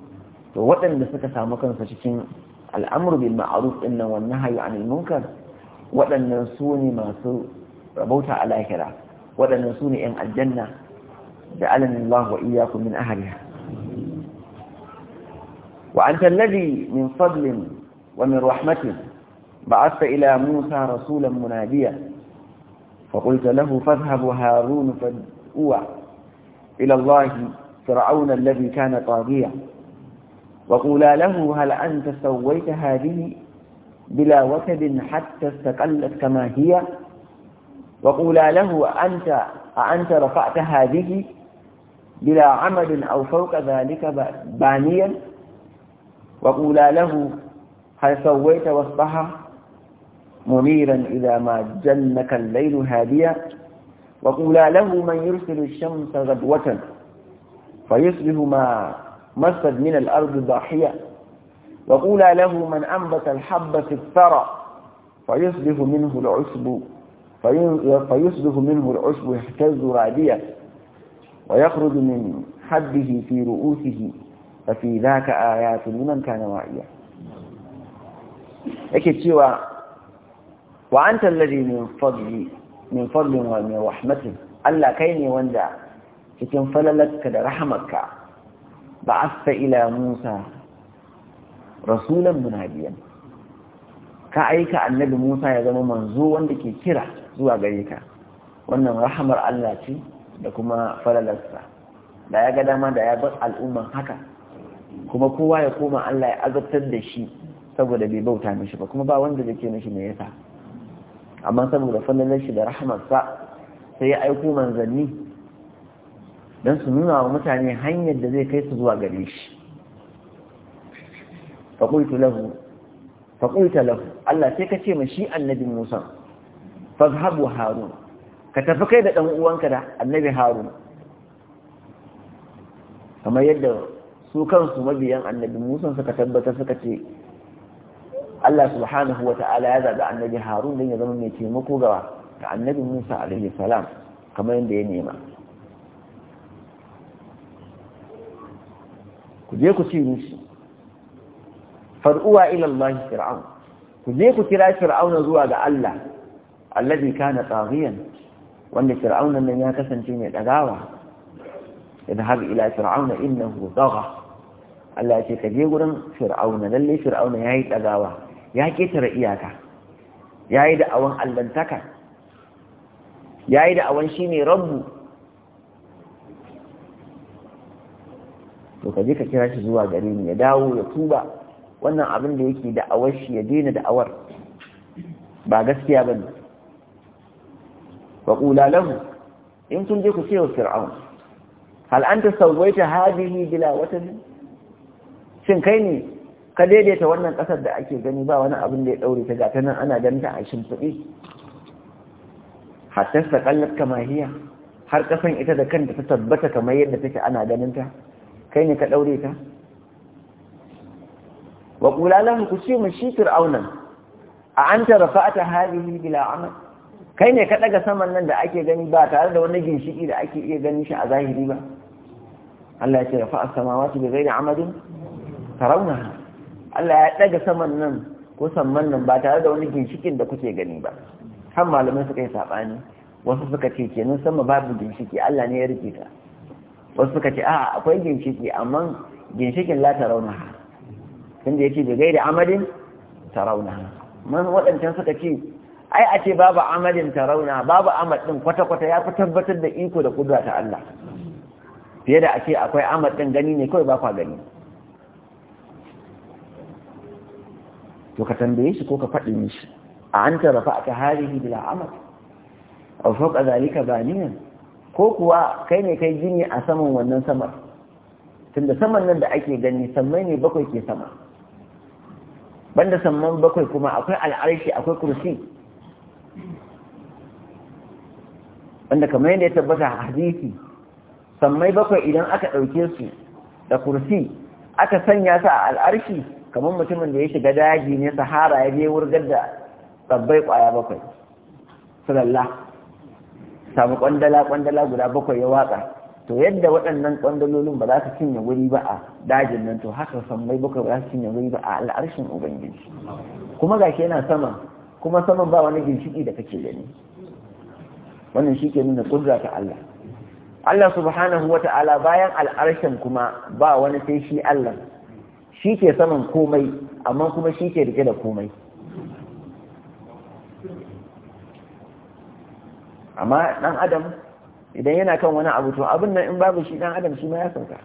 to waɗanda suka samu kansu cikin al'amru bil ma'ruf din nan wannan hayu anil munkar waɗannan su ne masu rabauta a lahira waɗannan su ne 'yan aljanna da alamin Allah wa iyakun min ahariya وأنت الذي من فضل ومن رحمة بعثت إلى موسى رسولا مناديا فقلت له فاذهب هارون فادعوا إلى الله فرعون الذي كان طاغيا وقولا له هل أنت سويت هذه بلا وتد حتى استقلت كما هي وقولا له أنت أأنت رفعت هذه بلا عمد أو فوق ذلك بانيا وقولا له هل سويت وصفها منيرا إذا ما جنك الليل هاديا وقولا له من يرسل الشمس غدوة فيصبح ما مسد من الأرض ضاحية وقولا له من أنبت الحبة الثرى فيصبح منه العشب فيصبح منه العشب يحتز راديا ويخرج من حده في رؤوسه ففي ذاك آيات لمن كان واعيا لكن سوى وأنت الذي من فضل من فضل ومن رحمة ألا كيني وندع لكن فللتك لرحمك بعثت إلى موسى rasulan munadiyan ka aika annabi Musa ya zama manzo wanda ke kira zuwa gare ka wannan rahamar Allah ce da kuma falalarsa da ya ga dama da ya bar al'umman haka kuma kowa ya koma Allah ya azabtar da shi saboda bai bauta mishi ba kuma ba wanda da ke mishi mai yasa amma saboda falalar shi da rahamarsa sai ya aiko manzanni don su nuna wa mutane hanyar da zai kai su zuwa gare shi faƙultu lahu faƙulta Allah sai ka ce ma shi annabi Musa fazhabu Harun ka tafi kai da ɗan uwanka da annabi Harun kamar yadda su kansu mabiyan annabi Musa suka tabbata suka ce Allah subhanahu wa ta'ala ya zaɓi annabi Harun don ya zama mai taimako ga annabi Musa alaihi salam kamar yadda ya nema ku je ku ci musu. far'uwa ila Allah fir'aun ku je ku kira fir'aun zuwa ga Allah allazi kana taghiyan wanda fir'aun nan ya kasance mai dagawa idhab ila fir'aun innahu tagha Allah ce ka je gurin fir'aun lalle fir'aun yayi dagawa ya ketare iyaka yayi da awan allantaka yayi da awan shine rabbu to kaje ka kira shi zuwa gare ni ya dawo ya tuba wannan abin da yake da'awar shi ya daina da'awar ba gaskiya ba ne wa ƙula in kun je ku ce wa fir'aun hal an ta sauwaita hadihi bila shin kai ne ka daidaita wannan ƙasar da ake gani ba wani abin da ya ɗaure ta ga nan ana ganin ta a shimfiɗi hatta ta kallar kamahiya har ƙasan ita da kanta ta tabbata kamar yadda take ana ganin ta kai ne ka ɗaure ta wa qula lahu ku ce mu shi fir'aunan a an ta anta rafa'ata hadhihi bila amal kai ne ka daga saman nan da ake gani ba tare da wani ginshiki da ake iya ganin shi a zahiri ba Allah ya ce rafa'a samawati bi ghairi amadin tarawnaha Allah ya daga saman nan ko samman nan ba tare da wani ginshikin da kuke gani ba Kan malamai suka yi sabani wasu suka ce kenan sama babu ginshiki Allah ne ya rike ta wasu suka ce a'a akwai ginshiki amma ginshikin la tarawnaha tunda yace da gaida amalin tarauna man wadancan suka ce ai a ce babu amalin tarauna babu amal din kwata kwata ya fi tabbatar da iko da kudura ta Allah fiye da a ce akwai amal din gani ne kawai ba kwa gani to ka tambaye shi ko ka faɗi mishi a an tarafa a ta harihi bila amal a fauka zalika baniyan ko kuwa kai ne kai gini a saman wannan samar tunda saman nan da ake gani sammai ne bakwai ke sama banda samman bakwai kuma akwai al'arshi akwai kursi wanda kamar yadda ya tabbata a hadisi sammai bakwai idan aka ɗauke su da kursi aka sanya su a al'arshi kamar mutumin da ya shiga daji ne sahara ya je wurgar da tsabbai ƙwaya bakwai sallallahu samu kwandala kwandala guda bakwai ya watsa to yadda waɗannan ƙwandalolin ba za ka cinye wuri ba a dajin nan to haka mai baka ba za ka cinye wuri ba a al'arshin ubangiji kuma gashi yana sama kuma saman ba wani ginshiƙi da kake gani wannan shi ke nuna kudura ta Allah Allah subhanahu wa ta'ala bayan al'arshin kuma ba wani sai shi Allah shi ke saman komai amma kuma shi ke rike da komai amma ɗan adam idan yana kan wani abu to abin nan in babu shi dan adam shi ma ya sauka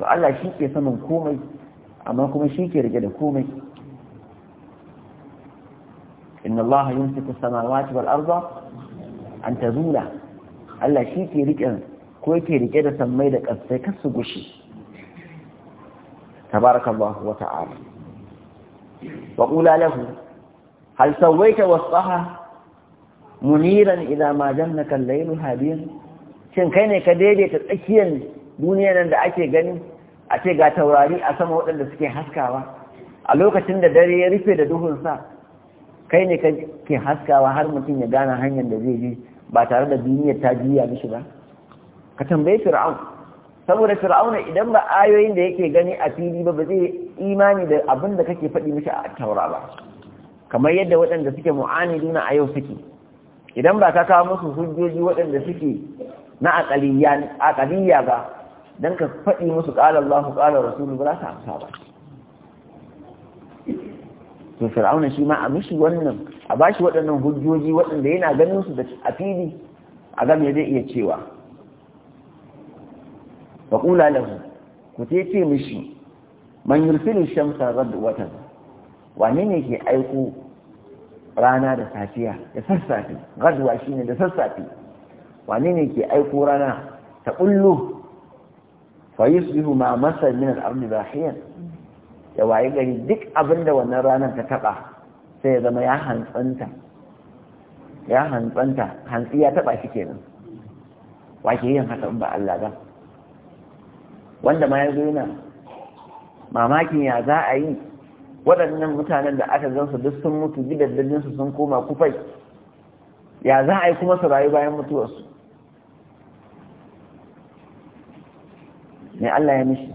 to Allah shi ke saman komai amma kuma shi ke rike da komai inna Allah yumsiku as-samawati wal arda an tazula Allah shi ke rike ko yake rike da sammai da kasai kar su gushi tabarakallahu wa ta'ala wa qula lahu hal sawaita wasfaha muniran idan ma jannaka kan layl habir shin kai ne ka daidaita tsakiyar duniyar nan da ake gani a ce ga taurari a sama waɗanda suke haskawa a lokacin da dare ya rufe da duhunsa kai ne ka ke haskawa har mutum ya gane hanyar da zai bi ba tare da duniyar ta juya mishi ba ka tambayi fir'aun saboda fir'auna idan ba ayoyin da yake gani a fili ba ba zai imani da abin da kake faɗi mishi a taura ba kamar yadda waɗanda suke mu'aniduna a yau suke idan ba ka kawo musu hujjoji waɗanda suke na aƙaliyya ba don ka faɗi musu ƙalar Allahu ƙalar Rasulu ba za ka amsa ba. To Fir'auna shi ma a mishi wannan a ba waɗannan hujjoji waɗanda yana ganin su da a fili a game zai iya cewa. Faƙula lahu ku ce ce mishi man yurfilu shamsa radwatan wane ne ke aiko rana da safiya da sassafe gadwa shine da sassafe Wani ne ke aiko rana ta kullu fa yusbihu ma masar min al'arni ardi ya waye gari duk abin da wannan ranar ta taɓa sai ya zama ya hantsanta ya hantsanta hantsi ya taɓa shi kenan wake yin haka in ba Allah ba wanda ma ya zo yana mamakin ya za a yi waɗannan mutanen da aka gansu duk sun mutu gidaddajin su sun koma kufai ya za a yi kuma su rayu bayan mutuwarsu ne Allah ya mishi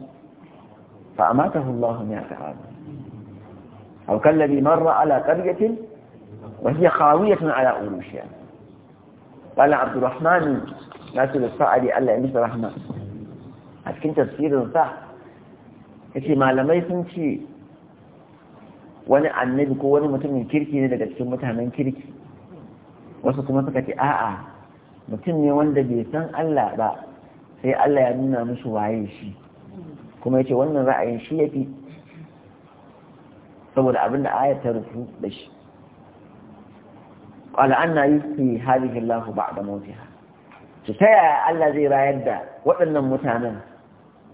fa amatahu Allah ne aka haɗu أو كالذي مر على قرية وهي خاوية على أروشها قال عبد الرحمن ناصر الصعدي ألا إنس رحمة أتكن تفسير صح yace malamai sun ce wani annabi ko wani mutumin kirki ne daga cikin mutanen kirki wasu kuma suka ce a'a mutum ne wanda bai san Allah ba sai Allah ya nuna musu waye shi kuma ya wannan ra'ayin shi ya fi saboda abin da ayat ta rufu da shi قال anna yusi هذه الله بعد موتها ta yaya Allah zai rayar da waɗannan mutanen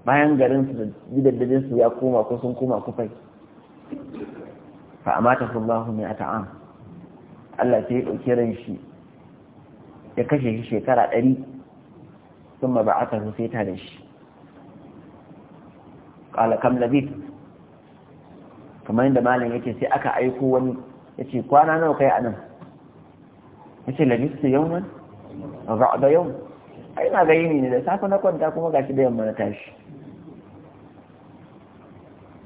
bayan garin su da gidaddajin su ya koma ko sun koma kufai fa amatahu ne a ta’am Allah sai ya ɗauki ran shi ya kashe shi shekara ɗari sun ma ba'atahu sai ta da shi qala kam labit kamar yadda malam yake sai aka aiko wani yace kwana nawa kai anan yace A da yau a yi na ga ne da safe na kwanta kuma gashi da yamma na tashi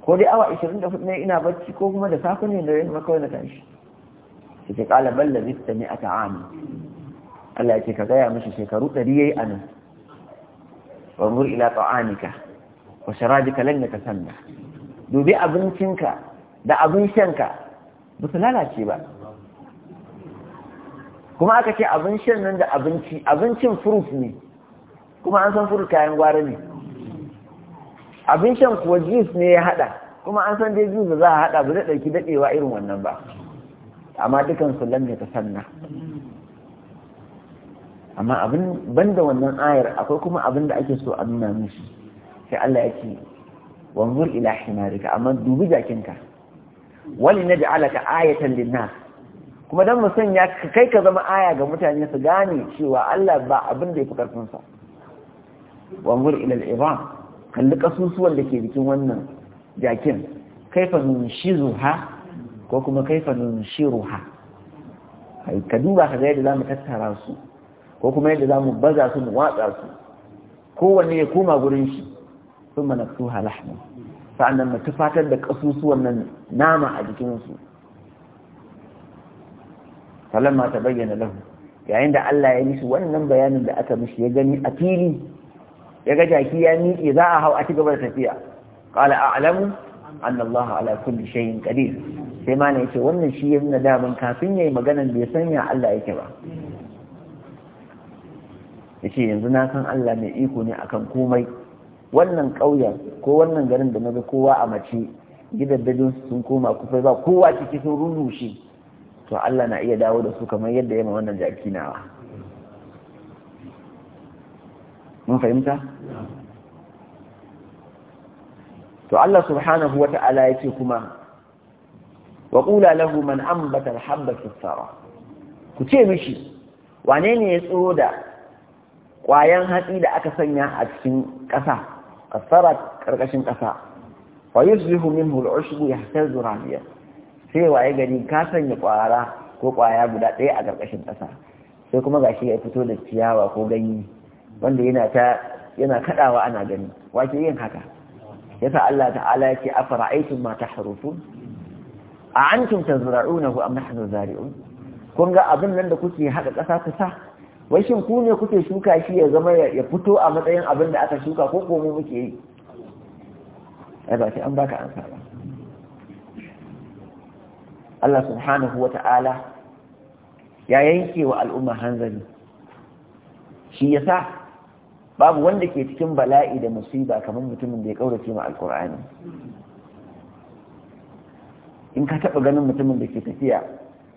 ko dai awa 24 ne ina bacci ko kuma da safe ne da yamma kawai na tashi shi ke kala balla zista ne a ta'ami Allah ya ce ka gaya mishi shekaru 100 yayi a nan mur ila ta'amika wa sharabika lan yatasanna dubi abincinka da abin shanka ba su lalace ba kuma aka ce abin shan nan da abinci abincin furut ne kuma an san furut kayan gwara ne abin shan kuwa jis ne ya haɗa kuma an san dai jis ba za a haɗa ba zai ɗauki daɗewa irin wannan ba amma dukan su langa ta sanna amma abin banda wannan ayar akwai kuma abin da ake so a nuna mishi sai Allah ya ce wanzur ila himarika amma dubi jakinka wali alaka ayatan linnas kuma dan mu sanya kai ka zama aya ga mutane su gane cewa Allah ba abin da yafi karfin sa wanzur ila al'izam kalli kasusuwan da ke jikin wannan jakin kaifa zuha? ko kuma kaifa nunshiruha ai ka duba ka ga yadda zamu tattara su ko kuma yadda zamu baza su mu watsa su kowanne ya koma gurin shi sun manaksuha lahma sa'annan mu tufatar da kasusuwan nan nama a jikin su ta bayyana lahu yayin da Allah ya yi mishi wannan bayanin da aka mishi ya gani a fili Yaga jaki ya miƙe za a hau a ci gaba da tafiya a a'lamu anna Allah ala kulli shay'in qadir sai ma ne yace wannan shi ya nuna daman kafin yayi maganan bai ya Allah yake ba yace yanzu na san Allah mai iko ne akan komai wannan ƙauyen ko wannan garin da na ga kowa a mace gidan gidaddajin sun koma kufai ba kowa ciki sun rurrushe to Allah na iya dawo da su kamar yadda ya ma wannan jaki nawa mun fahimta to Allah subhanahu wa ta'ala ya ce kuma wa qula lahu man ambata al-habba fi ku ce mishi wane ne ya tsoro da ƙwayan hatsi da aka sanya a cikin ƙasa kasara ƙarƙashin ƙasa wa yusbihu minhu al-ushbu yahtazu biyar sai waye gari ka sanya kwara ko kwaya guda ɗaya a karkashin kasa sai kuma gashi ya fito da ciyawa ko ganye wanda yana ta yana kadawa ana gani wace yin haka yasa Allah ta'ala yake afara'aytum ma tahrufun a antum tazra'unahu am nahnu zari'un kun ga abin nan da kuke haka kasa kusa? sa wai shin ku ne kuke shuka shi ya zama ya fito a matsayin abin da aka shuka ko komai muke yi ai ba sai an baka an saba Allah subhanahu wa ta'ala ya yanke wa al'umma hanzari shi yasa babu wanda ke cikin bala'i da musiba kamar mutumin da ya kaurace ma alkur'ani in ka taɓa ganin mutumin da ke tafiya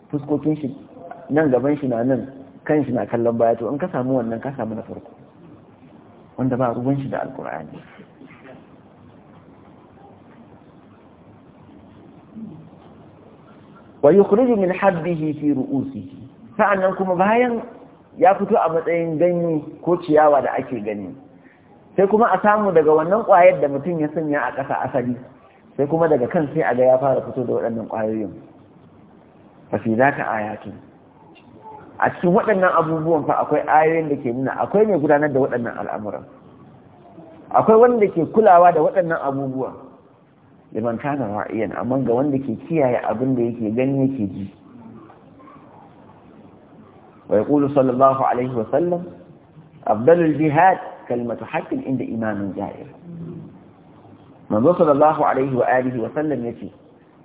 fuskokin shi nan gaban shi na nan kan shi na kallon baya to in ka samu wannan ka samu na farko wanda ba ruwan shi da alkur'ani wa yukhriju min habbihi fi ru'usihi sa'annan kuma bayan ya fito a matsayin ganye ko ciyawa da ake gani sai kuma a samu daga wannan ƙwayar da mutum ya sanya a ƙasa asali sai kuma daga kan sai a ga ya fara fito da waɗannan ƙwayoyin ba fi za ka ayatu a cikin waɗannan abubuwan fa akwai ayoyin da ke nuna akwai mai gudanar da waɗannan al'amuran akwai wanda ke kulawa da waɗannan abubuwan liman kana wa'iyan amma ga wanda ke kiyaye abin da yake gani yake ji ويقول صلى الله عليه وسلم أفضل الجهاد كلمة حق عند إمام جائر من صلى الله عليه وآله وسلم يتي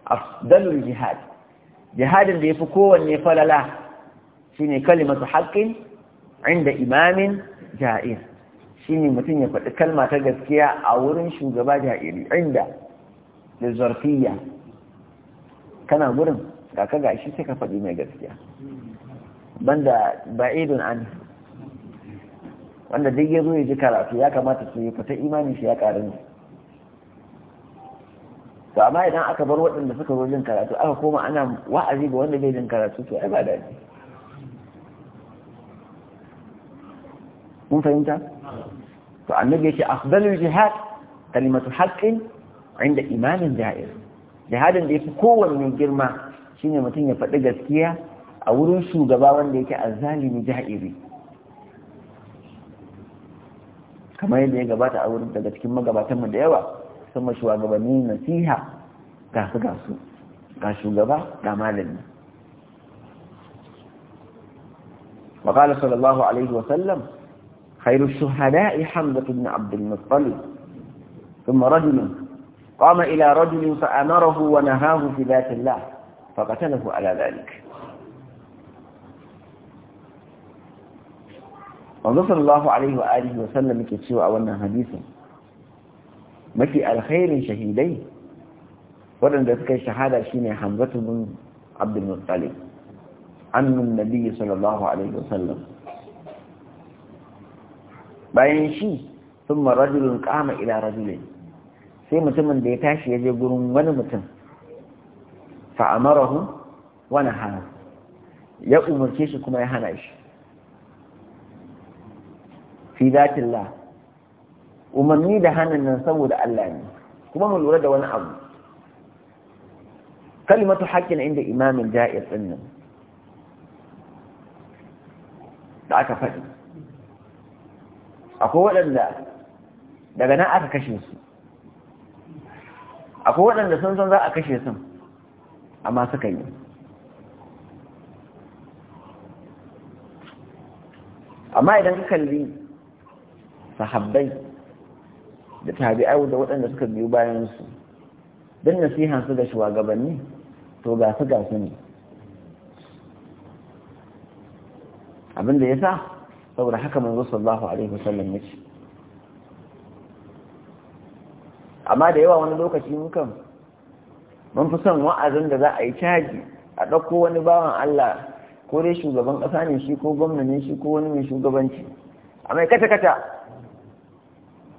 أفضل الجهاد جهاد اللي يفكوه النفل له شيني كلمة حق عند إمام جائر سيني متين يقول كلمة تجسكية أورن شو جائر عند للزرقية كان أورن لا ka gashi sai ka faɗi mai banda ba'idun an wanda duk ya zo ya ji karatu ya kamata su yi fita imani shi ya karin to amma idan aka bar waɗanda suka zo jin karatu aka koma ana wa'azi ga wanda bai jin karatu to ai ba daɗi mun fahimta to annabi yake afdalul jihad kalimatu haqqin inda imanin ja'ir jihadin da yafi kowanne girma shine mutum ya faɗi gaskiya a wurin shugaba wanda yake azalimi ja'iri kamar yadda ya gabata a wurin daga cikin magabatanmu da yawa sun ma shugabanni nasiha ga su ga su ga shugaba ga malami وقال صلى الله عليه وسلم خير الشهداء حمزة بن عبد المطلب ثم رجل قام إلى رجل فأمره ونهاه في ذات الله فقتله على ذلك wanzu sallallahu alaihi wa alihi wa sallam yake cewa a wannan hadisin mafi alkhairin shahidai waɗanda suka shahada shine hamzatu bin abdul muttalib annun nabiyyi sallallahu alaihi wa sallam bayan shi thumma rajulun qama ila rajulin sai mutumin da ya tashi ya je gurin wani mutum fa amarahu wa nahahu ya umarce shi kuma ya hana shi fi zatillah umarni da hannun nan saboda Allah ne kuma mu lura da wani abu kalimatu haƙƙin inda imamin ja'ir ɗin nan da aka faɗi akwai waɗanda daga nan aka kashe su akwai waɗanda sun san za a kashe sun amma suka yi amma idan ka kalli sahabbai da tabi'ai da waɗanda suka biyu bayansu su don nasiha su ga shugabanni to ga su ga su ne abinda ya sa saboda haka manzo sallahu alaihi wasallam ya ce amma da yawa wani lokaci mukan mun fi son wa'azin da za a yi caji a ɗauko wani bawan Allah ko dai shugaban ƙasa ne shi ko gwamna ne shi ko wani mai shugabanci a mai kata-kata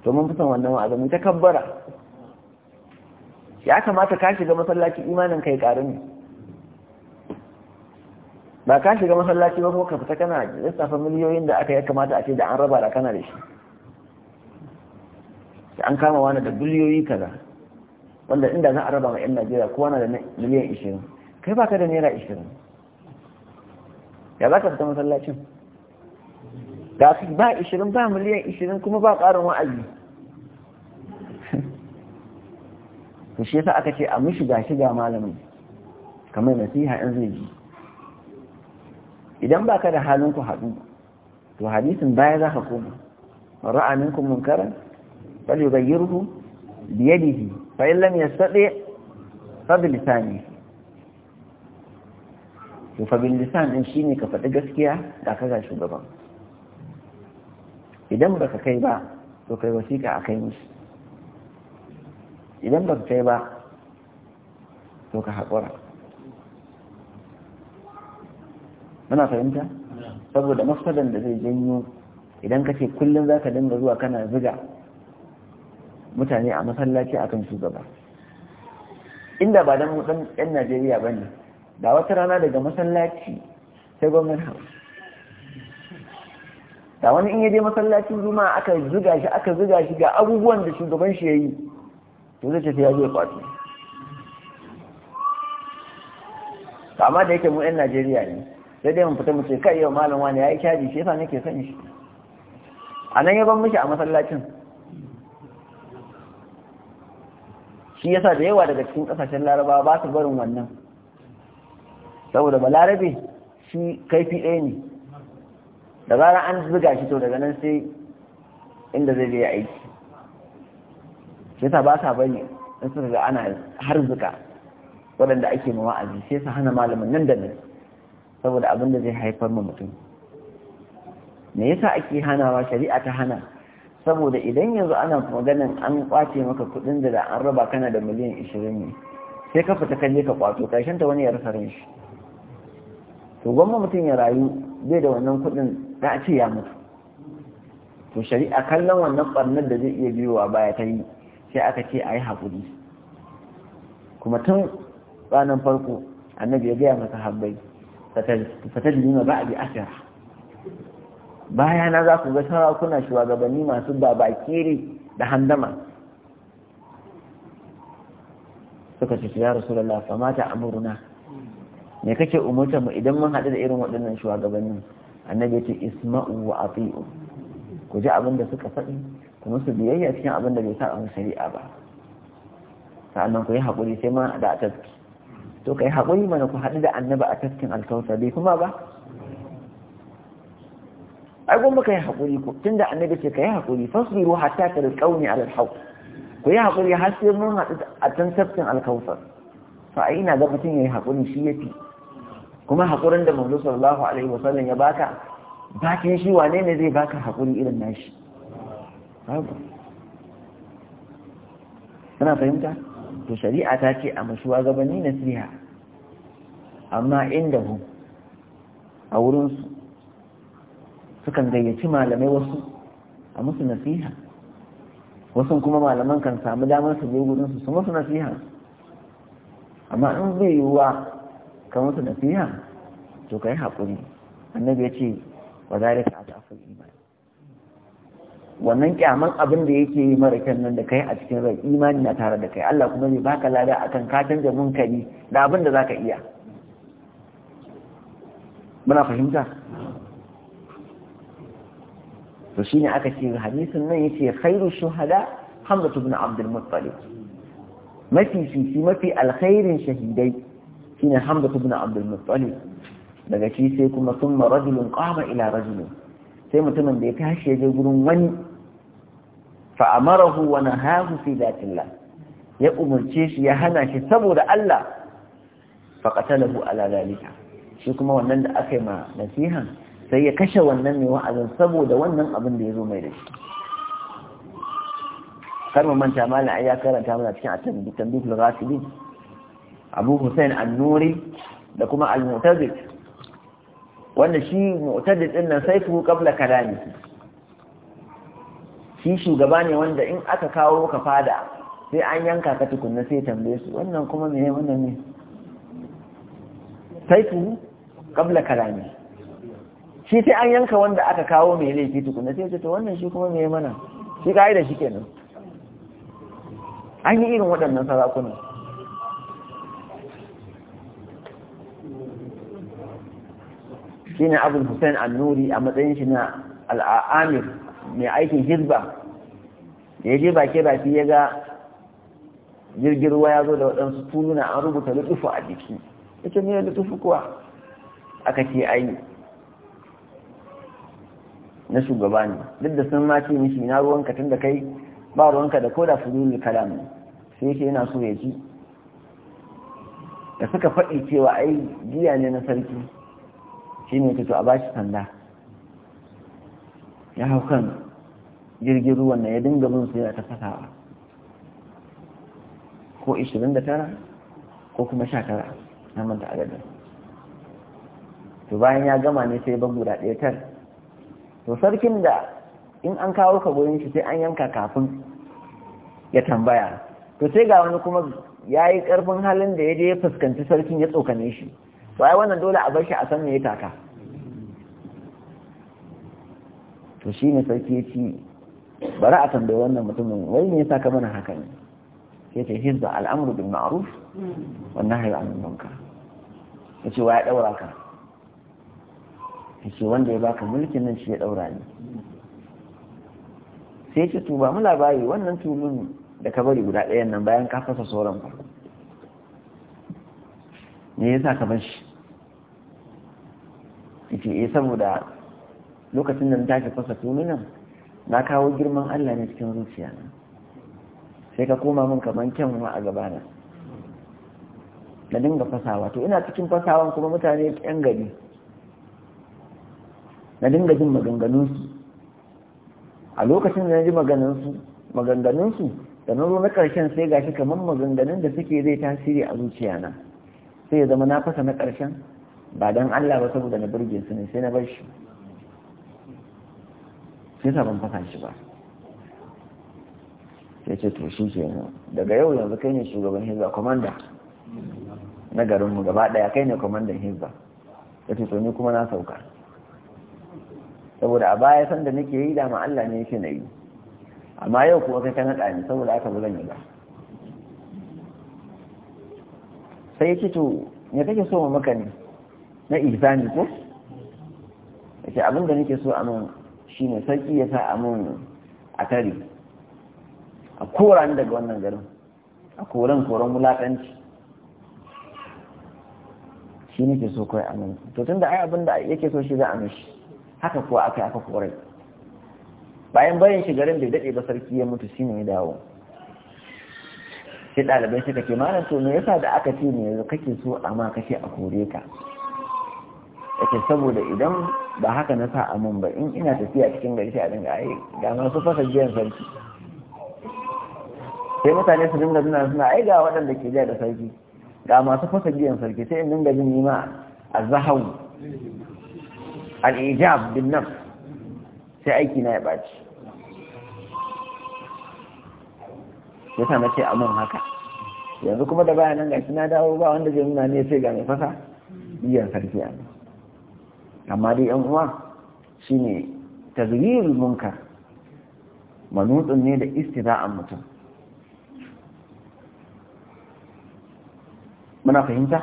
to mun fi son wannan wa'azi mu takabbara ya kamata ka shiga masallaci imanin kai karin ba ka shiga masallaci ba ko ka fita kana lissafa miliyoyin da aka ya kamata a ce da an raba da kana da shi da an kama wani da biliyoyi kaza wanda inda za a raba ma 'yan najeriya ko wani da miliyan 20 kai ka da naira 20 ya za ka fita masallacin ga ba ishirin ba miliyan ishirin kuma ba ƙarin wa'azi to shi yasa aka ce a mishi ga shiga malamin kamar nasiha in zai ji idan baka da halin ku haɗu to hadisin baya za ka koma ra'a minkum munkaran fal yughayyirhu bi yadihi fa in lam yastati fa bi lisanihi to fa bil lisan shine ka faɗi gaskiya da ka ga shugaban idan baka kai ba to kai wasiƙa a kai musu idan baka kai ba to ka haƙura muna fahimta saboda mafsadan da zai janyo idan ka ce kullum za ka dinga zuwa kana ziga mutane a masallaci akan shugaba inda ba don mutum 'yan najeriya ba ne da wata rana daga masallaci sai gwamnati. house da wani in yaje masallacin juma'a aka zuga shi aka zuga shi ga abubuwan da shugaban shi yayi yi to zai tafi ya je kwato amma da yake mu 'yan najeriya ne sai dai mu fita mu ce kai yau malam wani yayi yi shi yasa nake son shi anan nan ya ban mishi a masallacin shi yasa da yawa daga cikin kasashen larabawa ba su barin wannan saboda balarabe shi kaifi ɗaya ne da zara an buga shi to daga nan sai inda zai yi aiki shi ta ba sa bane in sun ga ana har zuka waɗanda ake ma wa'azi sai sa hana malamin nan da nan saboda abin da zai haifar ma mutum me yasa ake hanawa shari'a ta hana saboda idan yanzu ana maganin an kwace maka kuɗin da an raba kana da miliyan ishirin ne sai ka fita kalle ka kwato karshen ta wani ya rasa ran shi to gwamma mutum ya rayu zai da wannan kudin na a ce ya mutu to shari'a kallon wannan ɓarnar da zai iya biyowa baya ta yi sai aka ce a yi haƙuri kuma tun ranar farko annabi ya gaya masa habbai fatar jini ba a bi asira baya na za ku ga sarakuna shugabanni masu kere da handama suka ce ya rasu da lafa a murna. me kake umurta mu idan mun haɗu da irin waɗannan shugabannin annabi ce isma'u wa ati'u ku ji abin da suka faɗi ku musu biyayya cikin abin da bai sa a shari'a ba sa'annan ku yi haƙuri sai ma da a taski to kai haƙuri mana ku haɗu da annabi a taskin alkausa bai kuma ba ai gwamma kai yi haƙuri ku tunda annabi ce ka yi haƙuri fasbiru hatta ta alƙauni alal hau ku yi haƙuri har sai mun haɗu a can taskin alkausa to ina ga mutum ya yi haƙuri shi ya fi kuma haƙurin da manzo sallallahu alaihi wasallam ya baka bakin shi wane ne zai baka haƙuri irin nashi babu kana fahimta to shari'a ta ce a mashuwa na nasiha amma inda hu a wurinsu sukan gayyaci malamai wasu a musu nasiha wasu kuma malaman kan samu damar su je gurinsu su musu nasiha amma in zai yiwuwa ka na nasiha to kai haƙuri annabi ya ce wa zalika ataful imani. wannan kyaman abin da yake yi mara kyan nan da kai a cikin rai imani na tare da kai Allah kuma zai baka lada akan ka canza munkari da abin da zaka iya muna fahimta to shine aka ce hadisin nan yace khairu shuhada Hamza ibn Abdul Muttalib mafi fifi mafi alkhairin shahidai shine hamza ibn abdul muttalib daga shi sai kuma summa rajulun qama ila rajulin sai mutumin da ya tashi ya je gurin wani fa amarahu wa nahahu fi zatillah ya umurce shi ya hana shi saboda Allah fa qatalahu ala zalika shi kuma wannan da aka yi ma nasiha sai ya kashe wannan mai wa'azin saboda wannan abin da ya zo mai da shi kar mu manta malam ai ya karanta mana cikin at-tanbih ghasibin abu hussein annuri da kuma al-mu'tazid wanda shi mu'tazid din nan sai ku kabla kalami shi shugaba ne wanda in aka kawo ka fada sai an yanka ka tukunna sai tambaye su wannan kuma me wannan ne sai ku kabla kalami shi sai an yanka wanda aka kawo mai laifi tukunna sai ce to wannan shi kuma me mana shi kai da shi kenan an yi irin waɗannan sarakuna shine abu hussein al-nuri a matsayin shi na al'amir mai aikin hizba da ya je bake baki ya ga jirgin ruwa ya zo da waɗansu tununa an rubuta lutufu a jiki ita ne lutufu kuwa aka ce ai na shugaba ne duk da sun mace mishi na ruwanka tun da kai ba ruwanka da koda fulul kalam sai yake yana so ya ji da suka faɗi cewa ai giya ne na sarki shi ne a bashi sanda ya hau kan jirgin ruwan na ya dinga bin su yana ta fasawa ko 29 ko kuma 19 na manta adadin to bayan ya gama ne sai ban guda ɗaya tar to sarkin da in an kawo ka gurin shi sai an yanka kafin ya tambaya to sai ga wani kuma ya yi ƙarfin halin da ya je ya fuskanci sarkin ya tsokane shi to wannan dole a bar shi a san me ya taka to shi ne sarki ya ci bari a tambaye wannan mutumin wai me yasa ka mana haka ne sai ce hizba al'amru bil ma'ruf wan nahyi anil munkar yace wa ya daura ka yace wanda ya baka mulkin nan shi ya daura ni sai ce to ba mu labari wannan tulun da ka bari guda ɗayan nan bayan ka fasa sauran farko me yasa ka bar shi yace eh saboda lokacin da ta tashi fasa tunanin na kawo girman Allah ne cikin zuciya na sai ka koma min kaman kyanwa a gaba na dinga fasawa to ina cikin fasawan kuma mutane yan gari na dinga jin maganganunsu a lokacin da na ji maganganunsu da na zo na karshen sai gashi kamar maganganun da suke zai tasiri a zuciya na sai ya zama na fasa na ƙarshen ba don Allah ba saboda na burge su ne sai na bar shi sai sa ban fasa shi ba sai ce to shi ke daga yau yanzu kai ne shugaban hizba komanda na garinmu gaba ɗaya kai ne komandan hizba ya ce to ni kuma na sauka saboda a baya sanda nake yi dama Allah ne yake na yi amma yau kuma kai ka naɗa ni saboda aka ba zan yi ba sai ya ce to me kake so maka ne na izani ko yace abin da nake so a mun ne sarki ya sa a mun a tare a kora ni daga wannan garin a koran koran wulakanci shi nake so kai a mun to tunda ai abin da yake so shi za a mishi haka kuwa aka aka korai bayan bayan shi garin bai dade ba sarki ya mutu shine ya dawo sai ɗalibai suka ce malam to me yasa da aka ce ne yanzu kake so amma kake a kore ka yake saboda idan ba haka na sa amin ba in ina tafiya cikin gari a dinga ai ga masu fasa jiyan sarki sai mutane su dinga zuna suna ai ga waɗanda ke jiya da sarki ga masu fasa jiyan sarki sai in dinga jin nima a zahawu al-ijab bin nan sai aiki na ya ɓaci yasa na ce a mun haka yanzu kuma da bayanan gashi na dawo ba wanda zai nuna ne sai ga mai fasa biyan sarki a nan, amma dai yan uwa shine tazwirul munkar manutsun ne da a mutum muna fahimta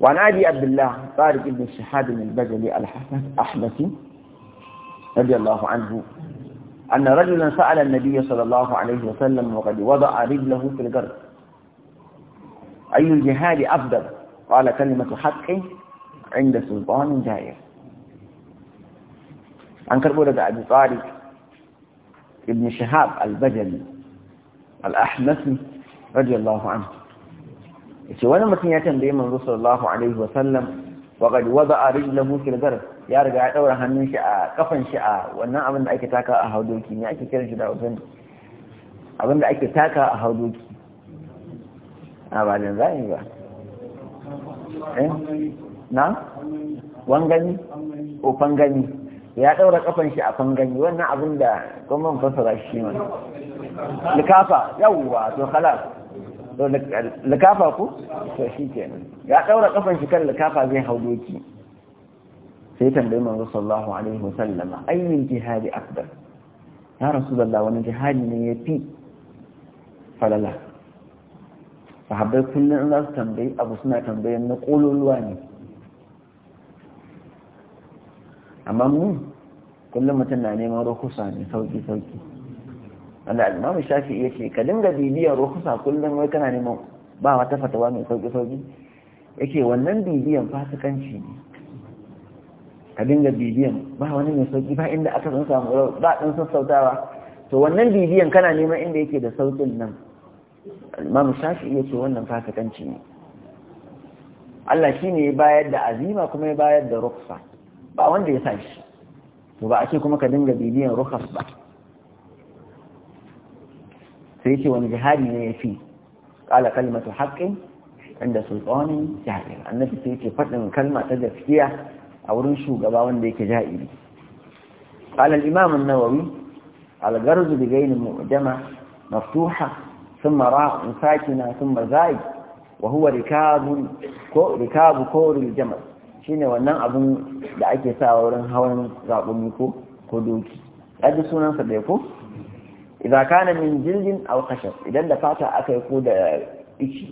وعن ابي عبد الله طارق بن شهاد البجلي الحسن احمدي رضي الله عنه أن رجلا سأل النبي صلى الله عليه وسلم وقد وضع رجله في الجرد أي الجهاد أفضل قال كلمة حق عند سلطان جائر عن كربولة أبي طارق ابن شهاب البجل الأحنفي رضي الله عنه ce wani mutum ya رسول الله عليه وسلم وقد وضع رجله في الغرب ya riga ya daura hannun shi a kafan shi a wannan abin da ake taka a haudoki ne ake kiran shi da wajen abin da ake taka a haudoki a ba da zai ba na wangani o fangani ya daura kafan shi a fangani wannan abin da kuma fasara shi ne likafa yawwa to halas likafa ku? to shi kenan ya ɗaura kafan shi kan likafa zai hau doki sai tambayi manzo sallallahu alaihi wasallama ayyin jihadi akbar ya rasulullah wani jihadi ne yafi falala sahabbai kullum za su tambayi abu suna tambayan na kololuwa ne amma mu kullum mutum na neman rukusa ne sauki sauki wanda al shafi iya ce ka dinga bibiyar rukusa kullum wai kana neman ba wata fatawa mai sauki sauki yake wannan bibiyan fasikanci ne ka dinga bibiyan ba wani mai sauki ba inda aka sun samu ba dan sassautawa to wannan bibiyan kana neman inda yake da sauƙin nan al shafi iya ce wannan fasikanci ne Allah ne ya bayar da azima kuma ya bayar da rukusa ba wanda ya sa shi to ba a ce kuma ka dinga bibiyan rukusa ba سيتي وانجهاد من يفيه قال كلمة حق عند سلطان جائر النبي سيتي فتن كلمة تدف فيها أو رنشو قباون ديك جائر قال الإمام النووي على قرز بغين المؤجمة مفتوحة ثم راء ساكنة ثم زائد وهو ركاب ركاب كور الجمل شين ونن أبن لأيك ساورن هون رابنكو قدوك أجسونا سبيكو إذا كان من جلد أو خشب إذا دفعت أكيكو دا إيشي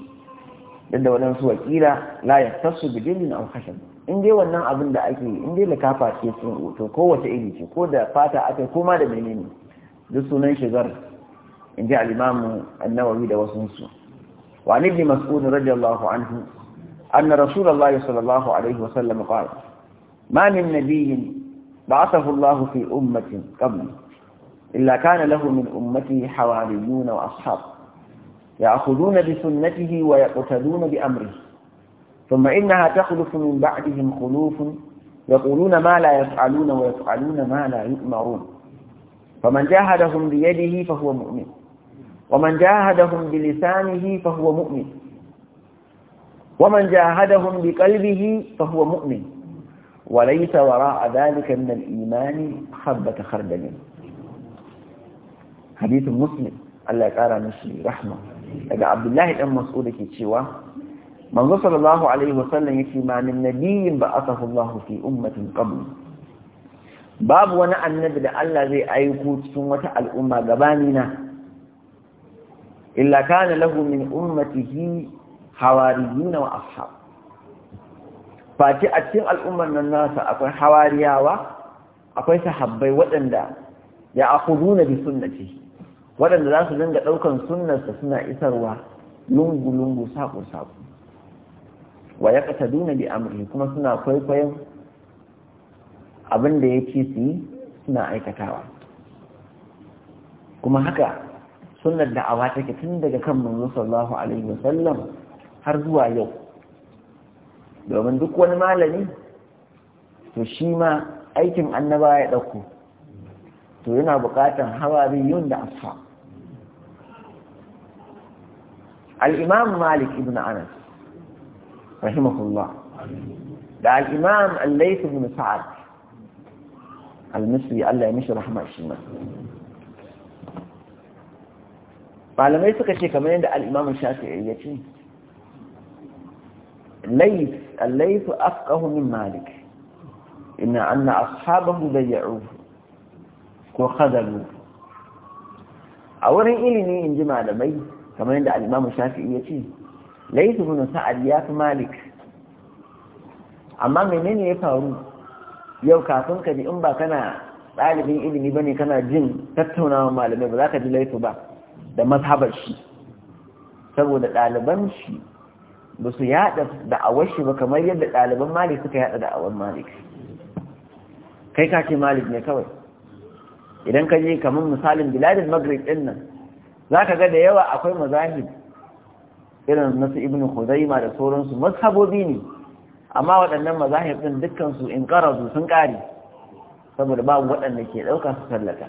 إذن ولن سوى كيلة لا يختص بجلد أو خشب إنجي ونن أبن دا أكي إنجي لكافة كيسون أوتو قوة إيدي قو دفعت أكيكو ما دا بنيني جسو نيشي ذر إن على الإمام النووي دا وسنسو وعن ابن مسؤول رضي الله عنه أن رسول الله صلى الله عليه وسلم قال ما من نبي بعثه الله في أمة قبله إلا كان له من أمته حواريون وأصحاب يأخذون بسنته ويقتدون بأمره ثم إنها تخلف من بعدهم خلوف يقولون ما لا يفعلون ويفعلون ما لا يؤمرون فمن جاهدهم بيده فهو مؤمن ومن جاهدهم بلسانه فهو مؤمن ومن جاهدهم بقلبه فهو مؤمن وليس وراء ذلك من الإيمان خبة خردل hadisin muslim Allah ya kara mishi rahma daga abdullahi dan mas'ud ke cewa manzo sallallahu alaihi wasallam yake ma min nabiyyin ba'athahu Allah fi ummatin qabli babu wani annabi da Allah zai aiko cikin wata al'umma gabani na illa kana lahu min ummatihi hawariyuna wa ashab fati a cikin al'ummar nan nasa akwai hawariyawa akwai sahabbai waɗanda ya akhuduna bi ce waɗanda za su dinga ɗaukan sunnarsa suna isarwa lungu lungu saƙo saƙo wa ya duna bi amri kuma suna kwaikwayon abinda da yake su yi suna aikatawa kuma haka sunnar da'awa take tun daga kan manzo sallallahu alaihi wasallam har zuwa yau domin duk wani malami to shi ma aikin annaba ya ɗauko to yana buƙatar hawariyun da asfa al-imam malik ibn anas rahimahullah da al-imam al-layth ibn sa'ad al-misri Allah ya mishi rahma shi ma malamai suka ce kamar yadda al-imam shafi'i ya ce layth al-layth afqahu min malik inna anna ashabahu dayya'uhu ko khadalu a wurin ilimi in ji malamai kamar yadda alimamu shafi Shafi'i ya ce Layth ibn Sa'ad ya fi Malik amma menene ya faru yau kafin ka ji in ba kana ɗalibin ilimi ba ne kana jin tattaunawa malamai ba za ka ji laifi ba da mazhabar shi saboda ɗaliban shi ba su yaɗa da'awar shi ba kamar yadda ɗaliban malik suka yaɗa da'awar malik kai ka ce malik ne kawai idan ka je kamar misalin biladin magrib din nan zaka ga da yawa akwai mazahib irin nasu ibn khuzaima da sauransu mazhabobi ne amma waɗannan mazahib din dukkan su in karazu sun kare saboda babu waɗanda ke ɗauka su sallaka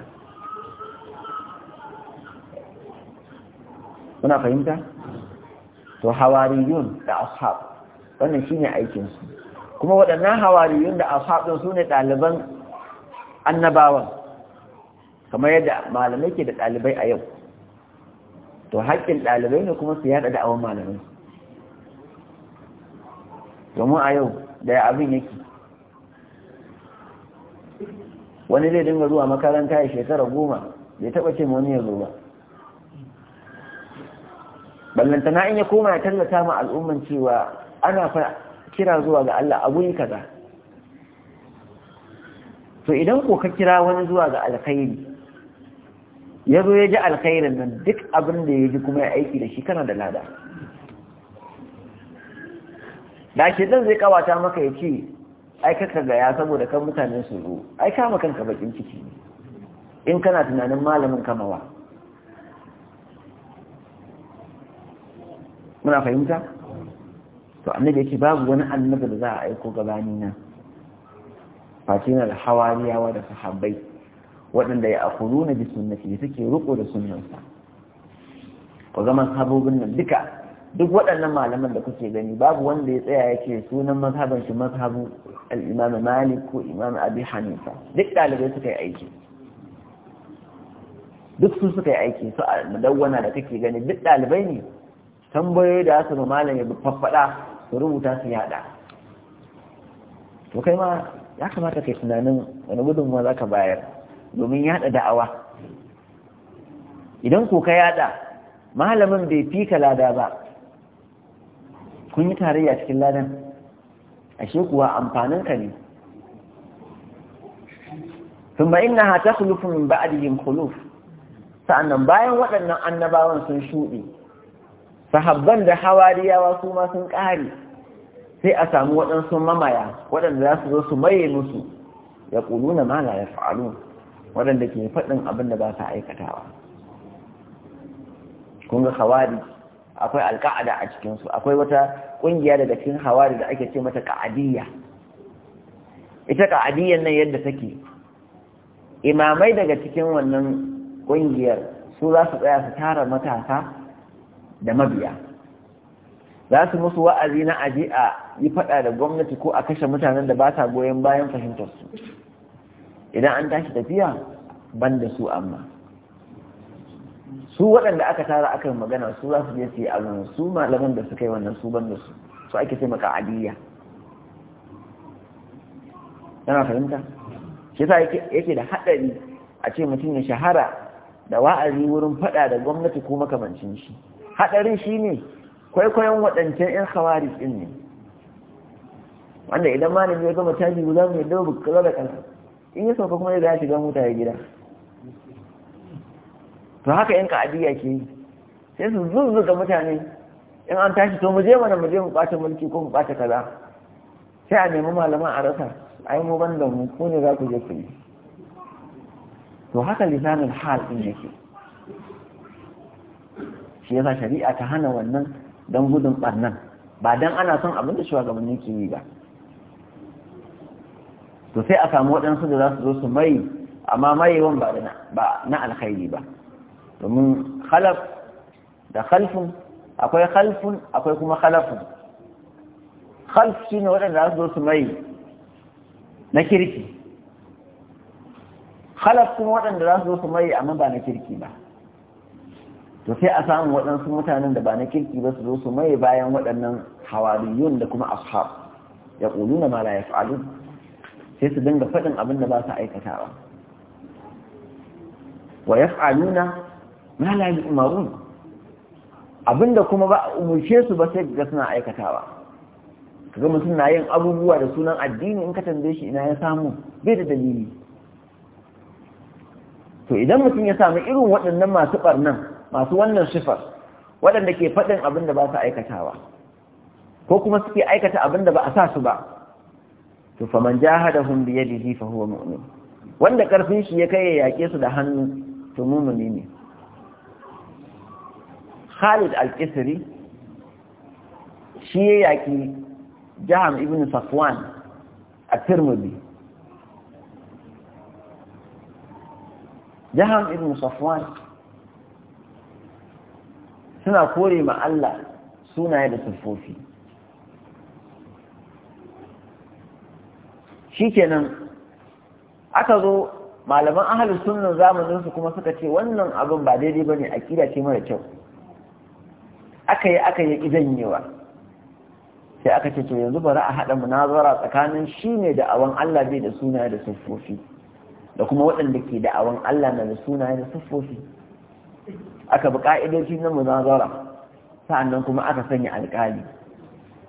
kuna fahimta to hawariyun da ashab wannan shine aikin su kuma waɗannan hawariyun da ashab din ne ɗaliban annabawan kamar yadda malamai ke da ɗalibai a yau to haƙƙin ɗalibai ne kuma su yada da awon malamai domin a yau da abin yake wani zai dinga zuwa makaranta ya shekara goma bai taɓa ce wani ya zo ba ballantana in ya koma ya tallata ma al'umman cewa ana fa kira zuwa ga Allah abu guri kaza to idan ko ka kira wani zuwa ga alkhairi ya zo ya ji alkhairin nan duk abin da ya ji kuma ya aiki da shi kana da lada da shi zan zai kawata maka ya ce ai ga ya saboda kan mutane su zo ai kama kanka bakin ciki in kana tunanin malamin kamawa muna fahimta to annabi yake babu wani annabi da za a aiko gabani na hawa hawariyawa da sahabbai waɗanda ya akuru na bi sunnati suke riko da sunansa. ku zama sabobin nan duka duk waɗannan malaman da kuke gani babu wanda ya tsaya yake sunan mazhaban shi mazhabu al-imam malik ko imam abi hanifa duk dalibai suka yi aiki duk su suka yi aiki su a madawwana da kake gani duk ɗalibai ne tambayoyi da su malam ya faffaɗa su rubuta su yada. to kai ma ya kamata kai tunanin wani gudunmuwa za ka bayar domin yada da'awa idan ku ka yada malamin bai fika lada ba kun yi tarayya cikin ladan ashe kuwa amfanin ka ne thumma innaha takhlufu min ba'dihim khuluf sa'annan bayan waɗannan annabawan sun shuɗe sahabban da hawariyawa su ma sun ƙare sai a samu waɗansu mamaya waɗanda za su zo su maye musu ya ƙuluna ma la ya fa'alu waɗanda ke faɗin abinda da ba su aikatawa kun ga hawari akwai alka'ada a cikinsu akwai wata ƙungiya daga cikin hawari da ake ce mata ka'adiyya ita ka'adiyyar nan yadda take imamai daga cikin wannan ƙungiyar su za su tsaya su tara matasa da mabiya za su musu wa'azi na aji a yi faɗa da gwamnati ko a kashe mutanen da ba sa goyon bayan su. idan an tashi tafiya ban da su amma su waɗanda aka tara aka magana su za su je su yi su malaman da suka yi wannan su ban da su su ake sai maka adiyya yana fahimta shi sa yake da haɗari a ce mutum ya shahara da wa'azi wurin faɗa da gwamnati ko makamancin shi haɗarin shi ne kwaikwayon waɗancan 'yan khawarij ɗin ne wanda idan malami ya gama taji guda mai dabu kaza da kansa in ya sauka kuma ya shiga mota ya gida to haka yan ka'adiyya ke yi sai su ga mutane in an tashi to muje je mana mu je mu bata mulki ko mu bata kaza sai a nemi malaman a rasa a yi mu ban da mu ko ne za ku je ku yi to haka lisanin hal din yake shi yasa shari'a ta hana wannan don gudun ɓarnan ba dan ana son abin da shugabanni ke yi ba to sai a samu waɗansu da za su zo su mai amma mayewan ba na alkhairi ba domin khalaf da khalfun akwai khalfun akwai kuma khalafun khalf shi ne waɗanda za su zo su mai na kirki khalaf kuma waɗanda za su zo su mai amma ba na kirki ba to sai a samu waɗansu mutanen da ba na kirki ba su zo su mai bayan waɗannan hawariyun da kuma ashab ya ƙulu na mala ya fa'alun sai su dinga faɗin abin da ba su aikatawa wa fa'aluna ma la yu'marun abinda kuma ba umurce su ba sai ga suna aikatawa kaga mutum na yin abubuwa da sunan addini in ka tambaye shi ina ya samu bai da dalili to idan mutum ya samu irin waɗannan masu ɓarnan masu wannan sifar waɗanda ke faɗin abin da ba su aikatawa ko kuma suke aikata abin da ba a sa su ba to faman jahadahum bi yadihi fa huwa mu'min wanda karfin shi ya kai yake su da hannu to mu'mini ne Khalid al-Qisri shi yake Jaham ibn Safwan a Tirmidhi Jaham ibn Safwan suna kore ma Allah sunaye da sufofi shikenan aka zo malaman ahalin sunan zamanin su kuma suka ce wannan abin ba daidai ba ne a kira ce mara kyau aka yi aka yi idanyewa sai aka ce to yanzu bari a haɗa munazara tsakanin shi ne da'awan Allah bai da suna da siffofi da kuma waɗanda ke da'awan Allah na da suna da siffofi aka bi ka'idoci na munazara sa'annan kuma aka sanya alƙali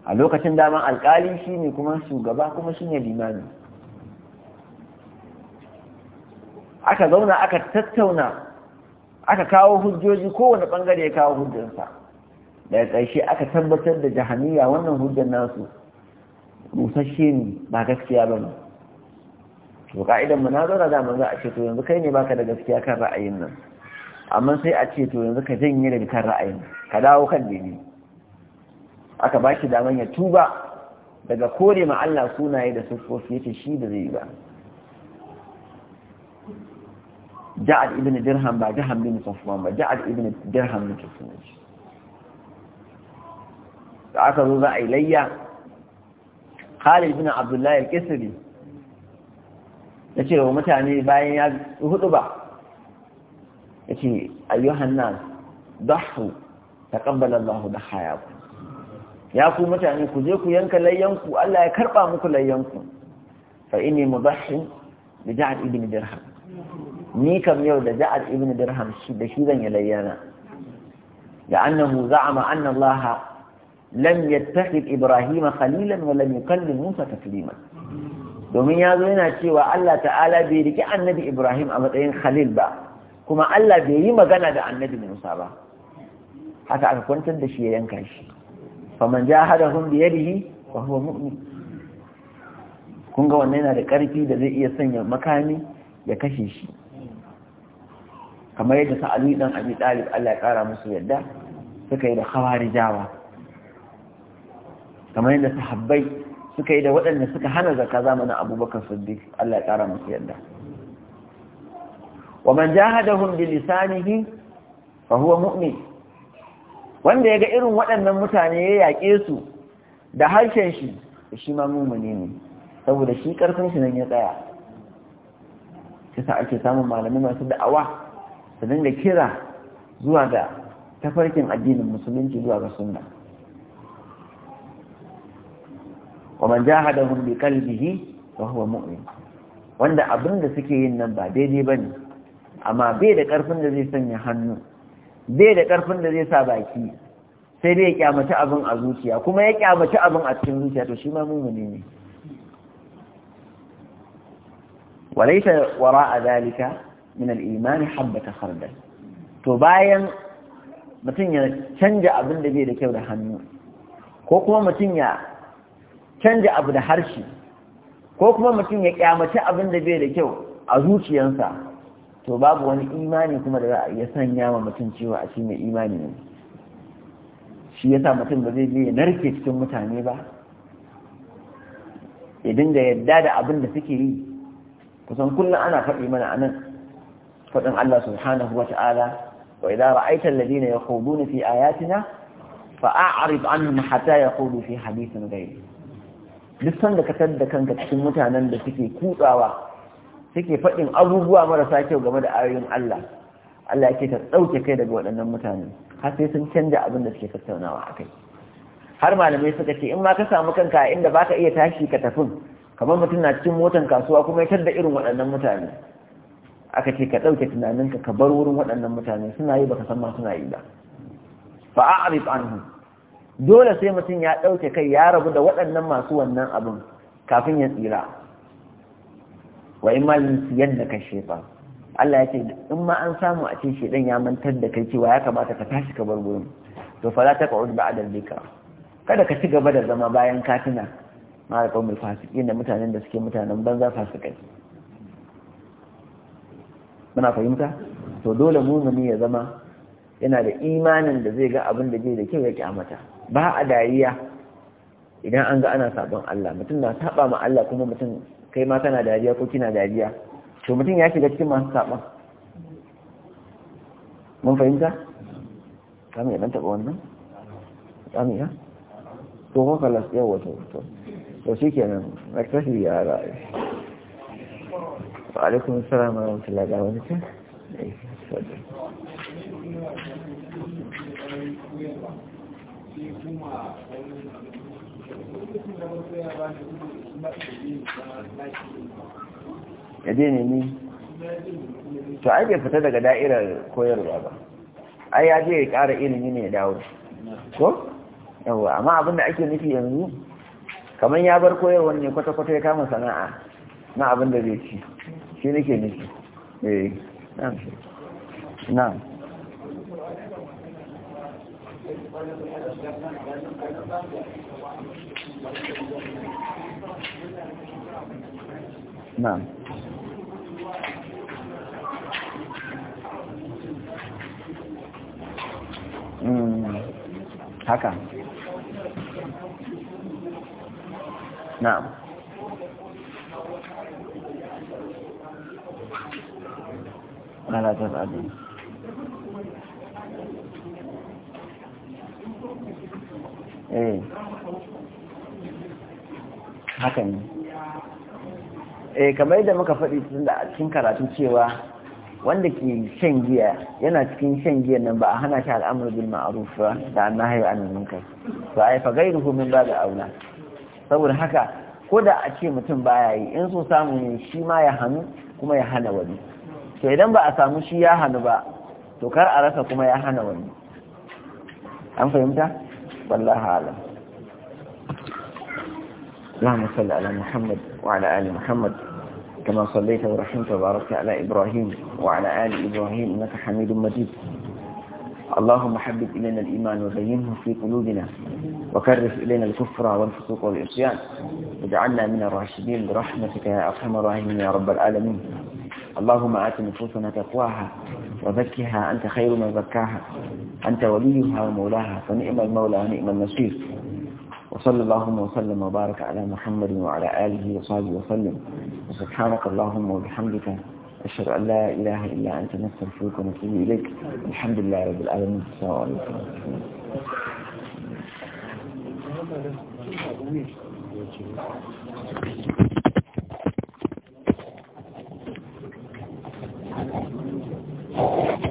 a lokacin daman alkali shi ne kuma shugaba kuma shi ne limami aka zauna aka tattauna aka kawo hujjoji kowane ɓangare ya kawo hujjansa daga ƙarshe aka tabbatar da jahaniya wannan hujjan nasu rusashe ne ba gaskiya ba ne to ka'idan mu na zauna da manzo a ce to yanzu kai ne baka da gaskiya kan ra'ayin nan amma sai a ce to yanzu ka janye daga kan ra'ayin ka dawo kan dini aka ba shi daman ya tuba daga kore ma Allah sunaye da siffofi yace shi da zai ba ja'ad ibn dirham ba jaham bin safwan ba ja'ad ibn dirham bin safwan da aka zo za a yi layya Khalid bin Abdullahi al-Kisri ce wa mutane bayan ya hudu ba Ya ce ayyuhan nas dahu taqabbala Allahu dahayakum ya ku mutane ku je ku yanka layyanku Allah ya karba muku layyanku fa inni mudahhin bi ja'ad ibn dirham ni kam yau da ja'ad ibn dirham shi da shi zan yi layyana da annahu za'ama anna Allah lam yattakhid Ibrahim khalilan wa lam yukallim Musa taklima domin ya zo yana cewa Allah ta'ala bai riki annabi Ibrahim a matsayin khalil ba kuma Allah bai yi magana da annabi Musa ba haka aka kwantar da shi ya yanka shi faman jahadahum bi yadihi wa huwa mu'min kun ga wannan yana da ƙarfi da zai iya sanya makami ya kashe shi kamar yadda alu dan abi talib Allah ya kara musu yadda suka yi da khawarijawa kamar yadda sahabbai suka yi da waɗanda suka hana zakka zamanin abubakar siddiq Allah ya kara musu yadda wa man jahadahum bi lisanihi fa huwa mu'min wanda ya ga irin waɗannan mutane ya yaƙe su da harshen shi shi ma mumuni ne saboda shi ƙarfin shi nan ya tsaya shi sa ake samun malamai masu da'awa su dinga kira zuwa ga tafarkin addinin musulunci zuwa ga sunna wa man jahadahum bi qalbihi wa huwa mu'min wanda abin da suke yin nan ba daidai bane amma bai da ƙarfin da zai sanya hannu bai da ƙarfin da zai sa baki sai dai ya kyamata abin a zuciya kuma ya kyamata abin a cikin zuciya to shi ma mumuni ne walaita wara'a zalika min al-iman habbata khardal to bayan mutum ya canja abin da bai da kyau da hannu ko kuma mutum ya canja abu da harshe ko kuma mutum ya kyamata abin da bai da kyau a zuciyarsa to babu wani imani kuma da za a iya sanya wa mutum cewa a shi mai imani ne shi yasa mutum ba zai je ya narke cikin mutane ba idan da yadda da abin da suke yi kusan kullum ana faɗi mana anan faɗin Allah subhanahu wa ta'ala wa idza ra'aita alladhina yakhuduna fi ayatina fa'arid anhum hatta yakhudu fi hadithin ghayr duk sanda ka tadda kanka cikin mutanen da suke kutsawa take faɗin abubuwa marasa kyau game da ayoyin Allah Allah yake ta ɗauke kai daga waɗannan mutane har sai sun canja abin da suke tattaunawa a kai har malamai suka ce in ma ka samu kanka a inda baka iya tashi ka tafi kamar mutum na cikin motan kasuwa kuma ya da irin waɗannan mutane aka ce ka ɗauke tunaninka ka bar wurin waɗannan mutane suna yi baka san ma suna yi ba fa a'rid anhu dole sai mutum ya ɗauke kai ya rabu da waɗannan masu wannan abin kafin ya tsira wa in ma da ka shaytan Allah ya ce in ma an samu a ce shedan ya mantar da kai cewa ya kamata ka tashi ka bar gurin to fa za ta la taq'ud ba'da dhikra kada ka ci gaba da zama bayan ka tuna ma da kawai fasiki da mutanen da suke mutanen banza fasikai muna fahimta to dole mumuni ya zama yana da imanin da zai ga abin da zai da kyau ya kyamata ba a dariya idan an ga ana sabon Allah mutum na saba ma Allah kuma mutum kai ma kana dariya ko kina dariya to mutum ya shiga cikin masu saɓon mun fahimta? kami ya ɗan taɓa wannan? ya? to kuma kalas yau wata wata to shi kenan na kashi uh, ya ra'ayi wa alaikun salam wa wata lada wani ce. Thank you. yadda ne nemi to ai bai fita daga da'irar koyarwa ba ai ya je ya ƙara ilimi ne ya dawo ko yawa amma abin da ake nufi yanzu kamar ya bar koyarwa ne kwata-kwata ya kama sana'a na abin da zai ci shi nake nufi eh na na نعم haka na'am ala tabadi eh haka ne eh kamar yadda muka faɗi tun da a cikin karatu cewa wanda ke shan giya yana cikin shan giya nan ba a hana shi al'amur bil ma'ruf ba da annahi an anil munkar to ai fa gairuhu min ba da aula saboda haka ko da a ce mutum baya yi in so samu ne shi ma ya hannu kuma ya hana wani to idan ba a samu shi ya hannu ba to kar a rasa kuma ya hana wani an fahimta والله أعلم اللهم صل على محمد وعلى آل محمد كما صليت ورحمت وباركت على إبراهيم وعلى آل إبراهيم إنك حميد مجيد اللهم حبب إلينا الإيمان وزينه في قلوبنا وكرف إلينا الكفر والفسوق والعصيان واجعلنا من الراشدين برحمتك يا أرحم الراحمين يا رب العالمين اللهم آت نفوسنا تقواها وزكها أنت خير من زكاها أنت وليها ومولاها فنعم المولى ونعم النصير وصلى اللهم وسلم وبارك على محمد وعلى آله وصحبه وسلم وسبحانك اللهم وبحمدك أشهد أن لا إله إلا أنت نستغفرك ونتوب إليك الحمد لله رب العالمين السلام عليكم Thank you. Oh.